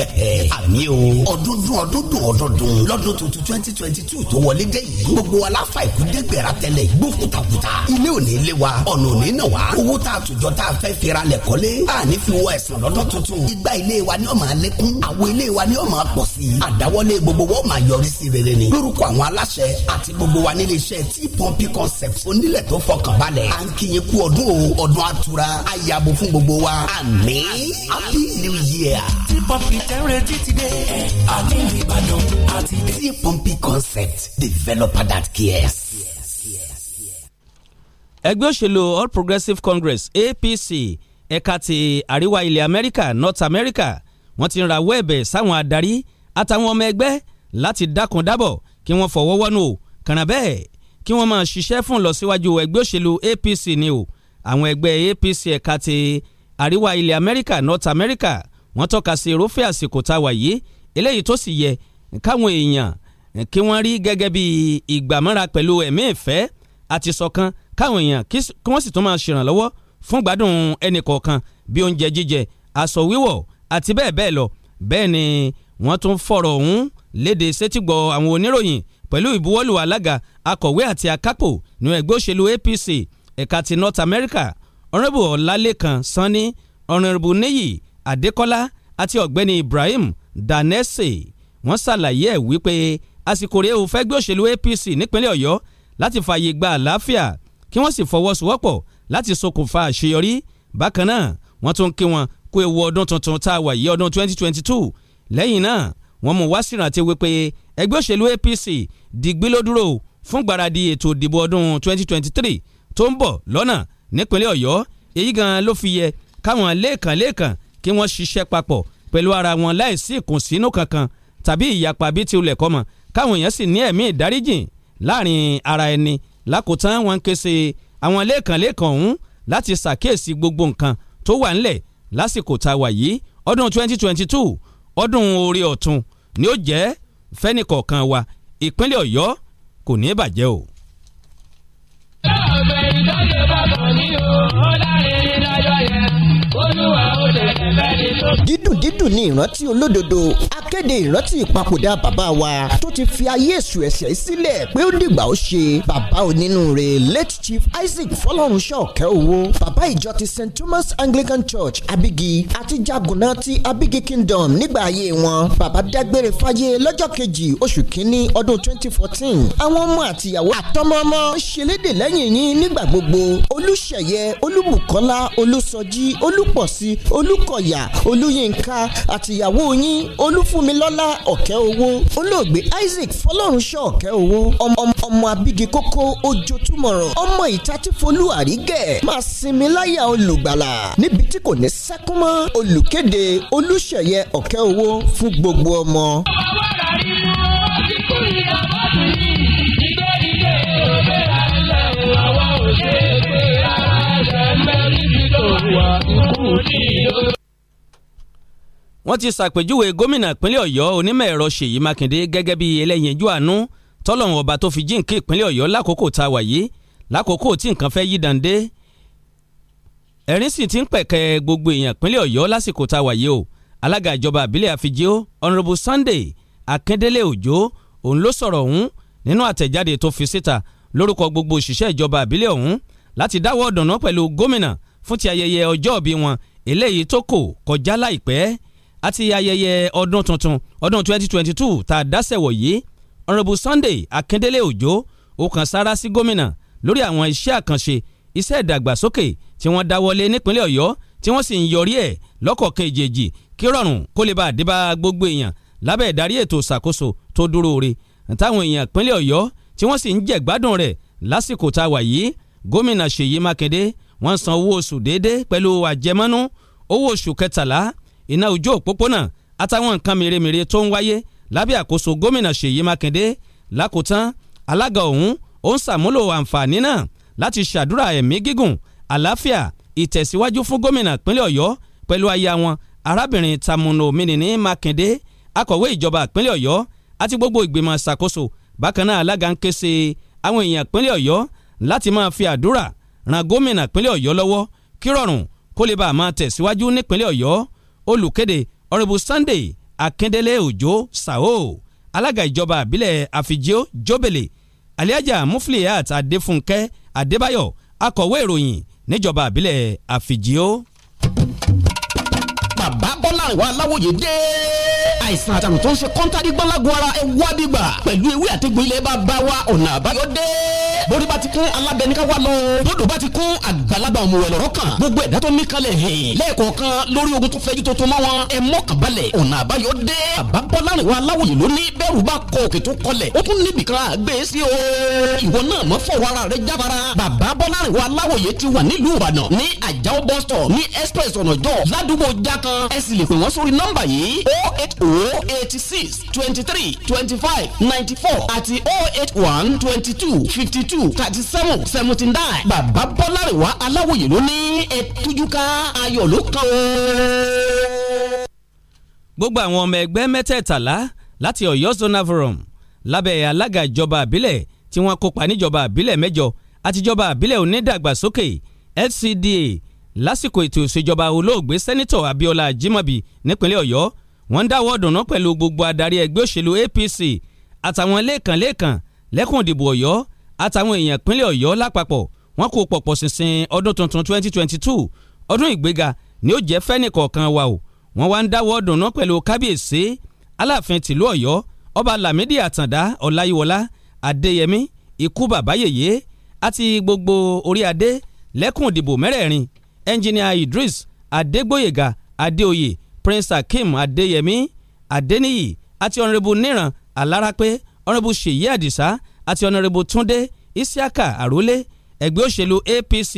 àmì o ọdúndún ọdúndún ọdọọdún lọ́dún tuntun twenty twenty two tó wọlé dé yìí gbogbo aláfa ìkúndégbèrà tẹ́lẹ̀ igbó kùtàkùtà ilé ò ní ilé wa ọ̀nà ò ní nà wá owó tá a tùjọ tá a fẹ́ fira lẹ̀ kọ́lé àní fi wọ ẹ̀sán lọ́dún tuntun ìgbà ilé wa ni ó sí àdáwọ́lé gbogbo wọn máa yọrí sí rere ni lórúkọ àwọn aláṣẹ àti gbogbo wa nílé iṣẹ́ tí pọ́ǹpì concept onílẹ̀ tó fọkàn balẹ̀ à ń kíyìn kú ọdún o ọdún àtura àyàbò fún gbogbo wa àmín happy new year. tí pọ́ǹpì tẹ́rẹ̀ títí dé àní ìbàdàn àti tí pọ́ǹpì concept developer that cares. ẹgbẹ́ òṣèlú all progressives congress apc ẹ̀ka ti àríwá ilẹ̀ amẹ́ríkà north america wọ́n ti ń rawọ́ ẹ̀bẹ̀ sáwọn adarí àtàwọn ọmọ ẹgbẹ́ láti dákun dábọ̀ kí wọ́n fọwọ́ wọ́nú o kàrà bẹ́ẹ̀ kí wọ́n máa ṣiṣẹ́ fún ìlọsíwájú ẹgbẹ́ òṣèlú APC ni o àwọn ẹgbẹ́ APC ẹ̀ka ti àríwá ilẹ̀ Amẹ́ríkà North America wọ́n tọ́ka sí irúfẹ́ àsìkò tá a wà yìí eléyìí tó sì yẹ káwọn èèyàn kí wọ́n rí gẹ́gẹ́ bí ìgbàmọ́ra pẹ̀lú ẹ̀mí ìfẹ́ àti ṣọ̀kan káwọn èèyàn kí wọ́n sì tún máa ṣèrànlọ́wọ́ fún gbádùn ẹnì kọ̀ọ̀kan bí oúnjẹ jíjẹ aṣọ wíwọ̀ àti bẹ́ẹ̀ bẹ́ẹ̀ lọ bẹ́ẹ̀ ni wọ́n tún fọ̀rọ̀ ọ̀hún léde sétígbọ̀ àwọn oníròyìn pẹ̀lú ìbuwọ́lù alága akọ̀wé àti akápò ní ẹgbẹ́ òṣèlú APC ẹ̀ka ti North America ọ̀rẹ́bù ọ̀làlẹ́kan sanni ọ̀rẹ́bù níyì adékọ́lá àti ọ̀gbẹ́ni Ibrahim danese wọ́n ṣàlàyé ẹ̀ wípé àsìkò rèé ó ẹgbẹ́ òṣèlú APC nípínlẹ̀ ọ̀yọ́ láti fààyè gba àlàáfíà kí wọ́n sì fọwọ́sowọ́pọ̀ láti ṣokùnfà àṣeyọrí bákan náà wọ́n tún kí wọn kú ewu ọdún tuntun tá a wà yìí ọdún 2022 lẹ́yìn náà wọ́n mú wá sírántí wípé ẹgbẹ́ òṣèlú APC dìgbì ló dúró fún gbáradì ètò ìdìbò ọdún 2023 tó ń bọ̀ lọ́nà nípínlẹ̀ Ọ̀yọ́ èyí gan ló fi yẹ káwọn lẹ́ẹ̀kan lẹ́ẹ̀kan kí wọ́n ṣiṣẹ́ papọ̀ pẹ̀lú ara wọn láìsí ìkùnsínú kankan tàbí ìyapa bí ti ulẹ̀ kọ́mọ káwọn èèyàn sì ní ẹ̀mí ìdáríjìn láàrin ara ẹni lákòótán wọn ń ké se àwọn lẹ́ẹ̀kan lẹ́ẹ̀kan ọ̀hún láti ṣàkíyèsí gbogbo nǹkan tó wà ńlẹ̀ lásìkò tá a wà yìí ọdún 2022 ọdún orí ọ̀tún ni ó jẹ́ fẹ́nìkọ̀ọ̀kan wa ìpínlẹ̀ ọ̀yọ́ kò ní bàjẹ́ o. ọ̀bẹ̀ ìdọ́jẹ́ bá bọ̀ ní o ó láre ní láyọ̀ yẹn olúwa ó dẹ̀dẹ̀ lẹ́ni tó. dídùn dídùn ni ìrántí olódodo akéde ìrántí ìpapòdà bàbá wa tó ti fi ayé èṣù ẹ̀ṣẹ̀ sílẹ̀ pé ó dìgbà ó ṣe bàbá onínúure late chief isaac fọlọ́runṣọ́ ọ̀kẹ́ owó bàbá ìjọ ti st thomas anglican church abigi àti jagunna ti abigi kingdom nígbà ayé wọn bàbá dágbére fáyé lọ́jọ́ kejì oṣù kínní ọdún twenty fourteen àwọn ọmọ àtìyàwó àtọmọọmọ ṣẹlẹ́dẹ̀ lẹ́yìn yín nígbà gbogbo olùṣeyẹ olúbùkọ́lá olùsọjí olú olúpọ̀sí olúkọ̀yà olúyínká àtìyàwó yín olúfúnmilọ́lá ọ̀kẹ́ owó olóògbé isaac fọlọ́runṣọ́ ọ̀kẹ́ owó ọmọ abigi kókó ojo túmọ̀ràn ọmọ ìtatífolú àrígẹ̀ máa sinmi láyà olùgbàlà níbi tí kò ní sẹ́kún mọ́ olùkéde olúṣẹ̀yẹ ọ̀kẹ́ owó fún gbogbo ọmọ. ọwọ́ rà rí mú ọtí kúrì náà bá mi wọ́n ti ṣàpèjúwe gómìnà ìpínlẹ̀ ọ̀yọ́ onímọ̀ ẹ̀rọ ṣèyí mákindé gẹ́gẹ́ bí ẹlẹ́yinjú àánú tọ́lọ́run ọba tó fi jíǹkí ìpínlẹ̀ ọ̀yọ́ lákòókò tá a wà yìí lákòókò tí nǹkan fẹ́ yí dàndé ẹ̀rín sì ti ń pẹ̀kẹ́ gbogbo èèyàn ìpínlẹ̀ ọ̀yọ́ lásìkò tá a wà yìí o alága ìjọba àbílẹ̀ àfijó honourable sunday akíndélé òjó òun ló sọ̀rọ̀ ọ̀hún nínú àtẹ̀jáde tó fi síta lórúkọ gbogbo òṣìṣẹ́ ìjọba àbílẹ̀ ọ̀hún láti dáwọ́ ọ̀dọ̀nà pẹ̀lú gómìnà fún ti ayẹyẹ ọjọ́ ìbí wọn eléyìí tó kò kọjá láìpẹ́ àti ayẹyẹ ọdún tuntun ọdún 2022 tá a dáṣẹ̀wọ̀ yìí ọ̀rọ̀bù Sunday Akíndélé ojo ó kàn sára sí gómìnà lórí àwọn iṣẹ́ àkànṣe iṣẹ́ ìdàgbàsókè tí wọ́n dáwọ́lé nípínlẹ̀ Ọ̀yọ́ tí wọ́n sì ń yọrí ẹ̀ lọ́kọ̀ọ̀kan èjèèjì kí rọrùn kó lè bá àdébá gbogbo èèyàn lábẹ́ ìdarí ètò ìṣàkóso tó dúró re táwọn èèyàn ìpínlẹ̀ Ọ̀yọ́ tí wọ́n sì ń jẹ̀gbádùn rẹ̀ lásìkò tá a wà yìí gómìnà Ṣèyí Mákindé wọ́n san owó oṣù déédéé pẹ̀lú àjẹmọ́nú owó oṣù kẹtàlá iná ojú òpópónà àtàwọn nǹkan mèremère tó ń wáyé lábẹ́ àkóso gómìnà Ṣèyí Mákindé lákòótán alága ọ̀hún ó ń sàmúlò àǹfààní náà láti ṣàdúrà ẹ̀mí gígùn àlàáfíà ìtẹ̀síwájú fún gómìnà ìpínlẹ̀ Ọ̀yọ́ pẹ̀lú aya wọn arábìnrin Tamunu Minini Mákindé akọ̀wé ìjọba ìpínlẹ̀ Ọ̀yọ́ àti gbogbo ìgbìmọ̀ ṣàkóso bákan náà alága ń ké sí àwọn èèyàn ìpínlẹ̀ Ọ̀yọ́ láti máa fi àdúrà ran gómìnà ìpínlẹ̀ ọ̀yọ́ lọ́wọ́ kí rọrùn kó lè bá a máa tẹ̀síwájú nípínlẹ̀ ọ̀yọ́ olùkéde honourable sunday akíndélé òjó sao alága ìjọba àbílẹ̀ àfijó jóbélé aliaja mufliat adéfúnkẹ́ adébáyọ̀ akọ̀wé ìròyìn níjọba àbílẹ̀ àfijó. bàbá bọ́lá àwọn aláwòye dé àìsàn àtàrùn tó ń ṣe kọ́ńtàdígbọ́lágun ara ẹ̀ wá bíbà pẹ̀lú ewé àtẹ̀gbọ́ ilẹ̀ bá bá wa ọ̀nà àbáyọ dé bórí bá ti kún alábẹ́ni ká wá lọ. bódò bá ti kún àgbàlagbà ọmọ wẹ̀ kan. gbogbo ẹ̀dá tó ní kalẹ̀ hìn. lẹ́ẹ̀kọ̀ọ̀kan lórí ogun tó fẹ́jú tó tó mọ́ wọn. ẹ mọ́ kàbalẹ̀ ọ̀nà àbáyọ dé. bàbá bọ́lárin wa aláwòye ló bẹ́ẹ̀rù bá kọ òkè tó kọlẹ̀. ó tún níbi kan àgbẹ̀ sí o. ìwọ náà mọ fọwọ́ ara rẹ jábára. bàbá bọ́lárin wa aláwòye ti wà nílùú ìbàdàn ní àjàó bus stop ní express ọ̀nà jọ ládùúgbò jákan ẹ sì lè pè wọ́n sórí nọ́mbà yìí oh eight oh eighty six twenty three twenty five ninety four àti oh eight one twenty two fifty two two thirty seven seventy nine bàbá bọ́lárẹ̀wá aláwòye ló ní ẹ̀tújúká ayọ̀ ló kàn ó. gbogbo àwọn ọmọ ẹgbẹ́ mẹ́tẹ̀ẹ̀tàlá láti ọ̀yọ́ zona forum lábẹ́ alága ìjọba àbílẹ̀ tí wọ́n kópa níjọba àbílẹ̀ mẹ́jọ àtijọba àbílẹ̀ onídàgbàsókè FCDA lásìkò ètò ìṣèjọba olóògbé sẹ́nitọ̀ Abíọ́lá Ajímọ̀bí nípínlẹ̀ ọ̀yọ́ wọ́n ń dáwọ́ dùnú pẹ̀lú gbogbo adarí ẹgbẹ́ òṣèlú APC àtàwọn lẹ́ẹ̀kan lẹ́ẹ̀kan lẹ́kùn ìdìbò ọ̀yọ́ àtàwọn èèyàn ìpínlẹ̀ ọ̀yọ́ lápapọ̀ wọ́n kó pọ̀pọ̀ ṣinṣin ọdún tuntun 2022 ọdún ìgbéga ni ó jẹ́ fẹ́nìkọ̀ọ̀kan wa o wọ́n wá ń dáwọ́ dùnú pẹ̀lú kábíyèsí aláàfin tìlú ọ̀yọ́ ọba lámìdí àtàndá ọláyíwọlá adéyẹmí ikú bàbáyèyé àti gbogbo orí adé lẹ́kùn ìdìbò mẹ́rẹ̀ẹ̀rin ẹnjìníà idris adégbóyèga adéoyè prince akeem adéyẹmí adéníyì àti ọ̀nrẹ́bù níran alárápé ọ̀nrẹ́bù ṣèyí àdìsá àti ọ̀nàrẹ́bù túndé isiaka àrólé ẹgbẹ́ òṣèlú apc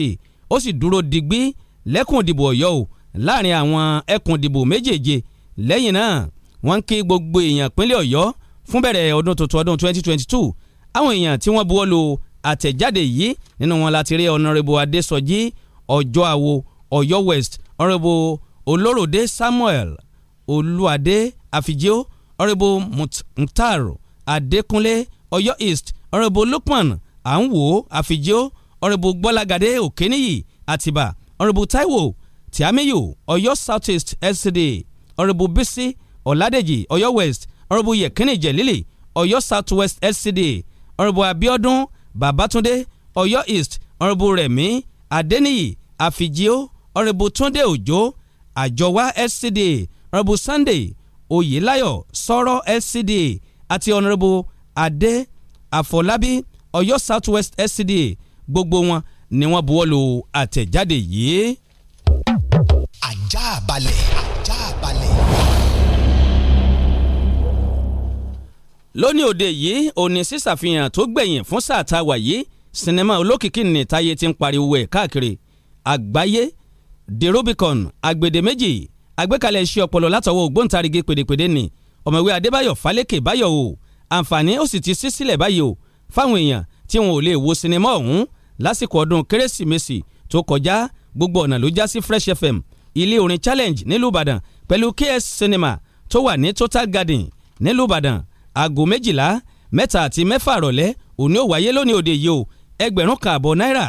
ó sì dúró digbí lẹ́kùn ìdìbò ọ̀yọ́ o láàrin àwọn ẹkùn ìdìbò méjèèje lẹ́yìn náà wọ́n ń kí gbogbo èèyàn pínlẹ̀ ọ̀yọ́ fún bẹ̀rẹ̀ ọdún tuntun ọdún 2022 àwọn èèyàn tí wọ́n buwọ́ lu àtẹ̀jáde yìí nínú wọn láti rí ọ̀nàrẹ́bù adésọjí ọjọ́ àwo ọ̀yọ́ west ọ̀nàrẹ́bù olóròdé samuel olúadé àfijó ọ̀nàrẹ́bù mutar adékúnlé ọ̀yọ́ east ọ̀rẹ́bù Lukman àǹwò àfìjó ọ̀rẹ́bù gbọ́lagadé òkèníyì àtìbà ọ̀rẹ́bù Taiwo tìámíyù ọ̀yọ́ South East SCD ọ̀rẹ́bù bísí ọ̀ládèjì ọ̀yọ́ West ọ̀rẹ́bù yẹ̀kínní jẹ̀lílì ọ̀yọ́ South West SCD ọ̀rẹ́bù abiodun babatunde ọ̀yọ́ East ọ̀rẹ́bù rẹ̀mí adéníyì àfìjó ọ̀rẹ́bù túndé òjó àjọwá SCD ọ̀rẹ́bù Sunday oyèláyọ̀ àfọlábí ọ̀yọ́ south west scda gbogbo wọn ni wọ́n buwọ́lu àtẹ̀jáde yìí. ajá balẹ̀ ajá balẹ̀. lónìí òde yìí òní sísàfihàn tó gbẹ̀yìn fún sáà tá a wà yìí sinimá olókìkí ní táyé ti ń pariwo ẹ̀ káàkiri àgbáyé the rubicon agbèdémèjì àgbékalẹ̀ iṣẹ́ ọpọlọ látọwọ́ ògbóǹtarìgì pèdèpèdè ni ọ̀mọ̀wé adébáyọ̀ fálékè báyọ̀ o àǹfààní ó sì ti ṣí sílẹ̀ báyìí o fáwọn èèyàn tí wọn ò lè wo sinimá ọ̀hún lásìkò ọdún kérésìmesì tó kọjá gbogbo ọ̀nà ló já sí Fresh FM ilé orin challenge nílùú Ìbàdàn pẹ̀lú KS Cinema tó wà ní Total Garden nílùú Ìbàdàn aago méjìlá mẹ́ta àti mẹ́fà rọ̀lẹ́ òní ò wáyé lónìí òde yìí o ẹgbẹ̀rún kan àbọ̀ náírà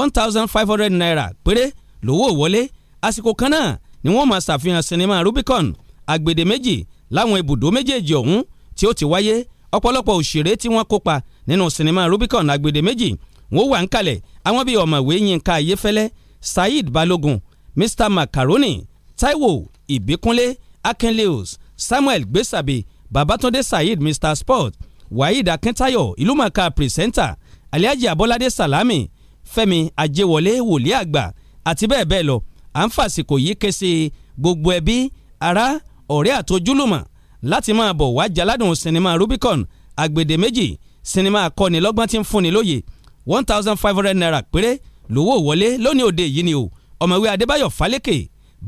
one thousand five hundred naira péré lówó wọlé àsìkò kan náà ni wọ́n máa ṣàfihàn sinimá Rubicon agbèdè méjì láwọn ibùdó méjèèjì ọ̀hún tí ó ti wáyé ọ̀pọ̀lọpọ̀ òṣèré tí wọ́n kópa nínú sinimá Rubicon agbede méjì wọ́n wà ń kalẹ̀ àwọn bíi ọ̀mọ̀wé Yínká Ayéfẹ́lẹ́ Saheed Balogun Mr Macaroni Taiwo Ìbíkúnlé Akinleos Samuel Gbèsàbí Babatunde Saheed Mr Sport Waheed Akintayo ìlúmọ̀ọ́ká pírẹsẹ́ńtà Alhaji Abolade Salami Fẹ́mi Ajéwọlé wòlíì àgbà àti bẹ́ẹ̀ bẹ́ẹ̀ lọ à ń fàsìkò yìí ké gbogbo ẹbí ará ọ̀rẹ́ àtojúlùmọ̀ láti máa bọ̀ wá jaládùn sinimá Rubicon agbèdè méjì sinimá akọ́nilọ́gbọ́n tí ń fúnni lóye one thousand five hundred naira péré lówó wọlé lónìí òde yìí ni o ọ̀mọ̀wé Adébáyọ̀ Fálékè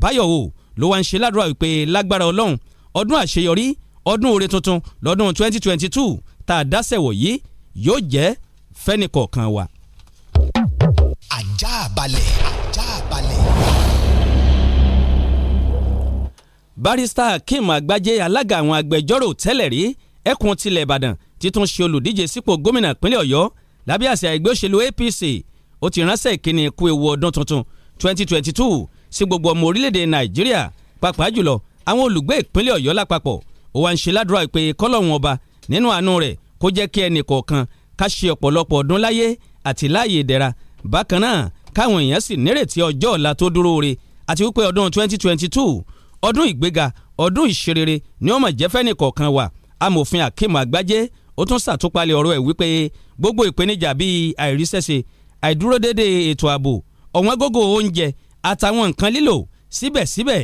báyọ̀ o ló wá ń ṣe ládùúrà wípé lágbára Ọlọ́run ọdún àṣeyọrí ọdún oore tuntun lọ́dún twenty twenty two tá a dáṣẹ̀wọ̀ yìí yóò jẹ́ fẹ́nìkọ̀ọ̀kan wa. Àjààbálẹ̀ Àjààbálẹ̀. barista akeem agbaje alága àwọn agbẹjọ́rò tẹ́lẹ̀ rí ẹkùn tilẹ̀ ìbàdàn títún ṣe olùdíje sípò gómìnà ìpínlẹ̀ ọ̀yọ́ lábẹ́ àṣẹ ẹgbẹ́ òṣèlú apc ó ti ránṣẹ́ ìkíni ikú ewu ọdún tuntun 2022 sí gbogbo ọmọ orílẹ̀-èdè nàìjíríà pàápàá jùlọ àwọn olùgbé ìpínlẹ̀ ọ̀yọ́ lápapọ̀ ó wá ń ṣe ládùúrà pé kọ́lọ́hún ọba nínú àánú rẹ̀ kó jẹ́ kí ẹnì kọ̀ọ̀kan ká ṣe ọ̀pọ̀lọpọ̀ ọdún láyé àti láàyè ìdẹ̀ra bákan náà káwọn èèyàn sì nírètí ọjọ́ ọ̀la tó dúró re àti wípé ọdún 2022 ọdún ìgbéga ọdún ìṣerere ni ó mọ̀ jẹ́ fẹ́ni kọ̀ọ̀kan wa amòfin akeem àgbájé ó tún ṣàtúpalẹ̀ ọ̀rọ̀ ẹ̀ wípé gbogbo ìpèníjà bíi àìríṣẹ́ṣe àìdúródédé ètò ààbò ọ̀wọ́n gógó oúnjẹ àtàwọn nǹkan lílò síbẹ̀síbẹ̀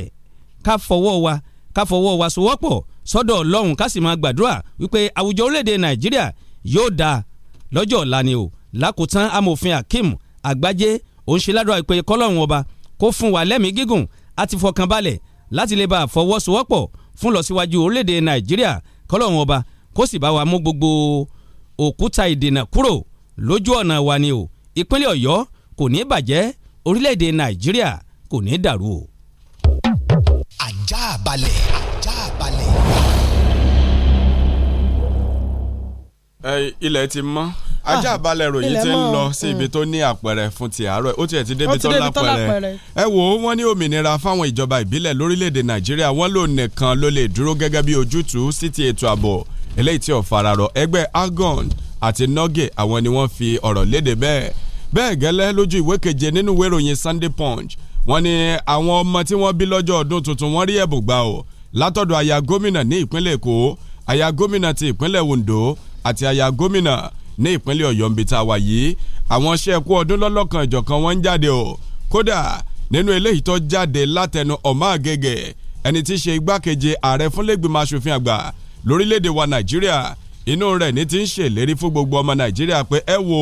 ká fọwọ́ wa ká fọwọ́ wa sowọ́pọ̀ sọ́dọ̀ ọlọ́run ká sì máa gbàdúrà wípé àwùjọ orílẹ̀-èdè nàìjíríà yóò dáa lọ́jọ́ ọ̀la o lákòótán amòfin akeem àgbájé òun ṣe ládùúrà ìpè kọ́lọ́run ọba kó fún wa lẹ́mìí gígùn àti fọkànbalẹ̀ láti lè bá àfọwọ́sowọ́pọ̀ fún lọ síwájú orílẹ̀-èdè nàìjíríà kọ́lọ́hún ọba kó sì bá wa mú gbogbo òkúta ìdènà kúrò lójú ọ̀nà wa ni o ìpínlẹ̀ ọ̀yọ́ kò ní bàjẹ́ orílẹ̀-èdè nàìjíríà kò ní dàrú o. ajá balẹ̀ ajá balẹ̀. ilẹ̀ ti mọ́ ajá balẹ̀ ìròyìn ti ń lọ sí ibi mm. tó ní àpẹẹrẹ fún ti àárọ̀ ó tiẹ̀ ti débi tó lápẹẹrẹ ẹ wò ó wọ́n ní òmìnira fáwọn ìjọba ìbílẹ̀ lórílẹ̀‐èdè nàìjíríà wọ́n lò nìkan ló lè dúró gẹ́gẹ́ bí ojútùú sí ti ètò ààbò eléyìí tí ò fararọ ẹgbẹ́ agon àti noge àwọn ni wọ́n fi ọ̀rọ̀ léde bẹ́ẹ̀ bẹ́ẹ̀ gẹ́lẹ́ lójú ìwé keje nínú ìwé Sunday Punch wọ́n ní àwọn ọmọ tí wọ́n bí lọ́jọ́ ọdún tuntun wọ́n rí ẹ̀bùn gbà o látọ̀dọ̀ aya gómìnà ní ìpínlẹ̀ Èkó aya gómìnà ti ìpínlẹ̀ Ondo àti aya gómìnà ní ìpínlẹ̀ ọ̀yọ́ ń bi tá a wà yìí àwọn iṣẹ́ kú ọdún lọ́lọ́kan ìjọ̀kan wọ́n ń jáde o kódà nínú eléyìí tó jáde látẹnu ọ̀má àgègè ẹni tí í ṣe igbákejì ààrẹ fúnlẹ́gbìmọ̀ asòfin àgbà lórílẹ̀‐èdè wa nàìjíríà inú rẹ̀ ní ti ń ṣèlérí fún gbogbo ọmọ nàìjíríà pé ẹ wo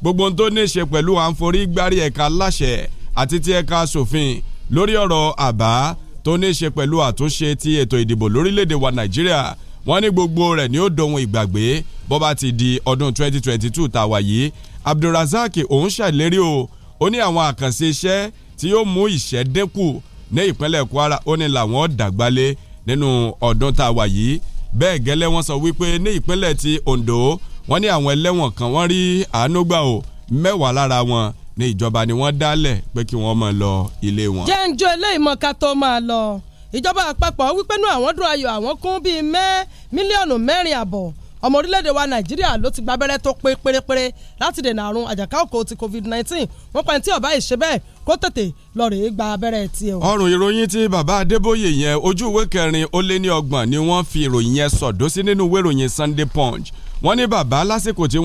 gbogbo ohun tó ní í ṣe pẹ̀lú à ń gbárí ẹ̀ka aláṣẹ àti ti ẹ̀ka asòfin lórí ọ̀rọ̀ àbá tó ní í ṣe pẹ̀lú àtúnṣe ti ètò ìdìbò lórílẹ̀‐èdè wa nàìjíríà wọ́n ní gbogbo rẹ̀ ni ó dohun ìgbàgbé bó bá ti di ọdún 2022 tàwa yìí Abdulrasaq òun ṣèlérí o ó ní àwọn àkànṣe iṣẹ́ tí yóò mú ìṣẹ́ dínkù ní ìpínlẹ̀ Kwara ó ní làwọn dàgbálé nínú ọdún tàwa yìí bẹ́ẹ̀ gẹ́lẹ́ wọ́n sọ wípé ní ìpínlẹ̀ ti Ondo wọ́n ní àwọn ẹlẹ́wọ̀n kan wọ́n rí àánú gbà o mẹ́wàá lára wọn ní ìjọba ni wọ́n dálẹ̀ pé kí wọ́n máa lọ ilé wọn. jẹ́ ń jó eléyìí mọ́ ká tó máa lọ ìjọba àpapọ̀ wípé nú àwọn dùn ayọ̀ àwọn kún bíi mẹ́ mílíọ̀nù mẹ́rin àbọ̀ ọmọ orílẹ̀-èdè wa nàìjíríà ló ti gba abẹ́rẹ́ tó pé pérépéré láti dènà àrùn àjàkálòkò ti covid-19 wọ́n pa ẹni tí ọ̀bá ìṣe bẹ́ẹ̀ kó tètè lọ rèé gba abẹ́rẹ́ tiẹ̀ ọrùn ìròyìn tí bàbá adébóyè yẹn ojú ìwé kẹrin ó lé ní ọgbọ̀n ni wọ́n fi ìròyìn yẹn sọ̀dọ́ nínú ìwé ìròyìn sunday punch wọ́n ní bàbá lásìkò tí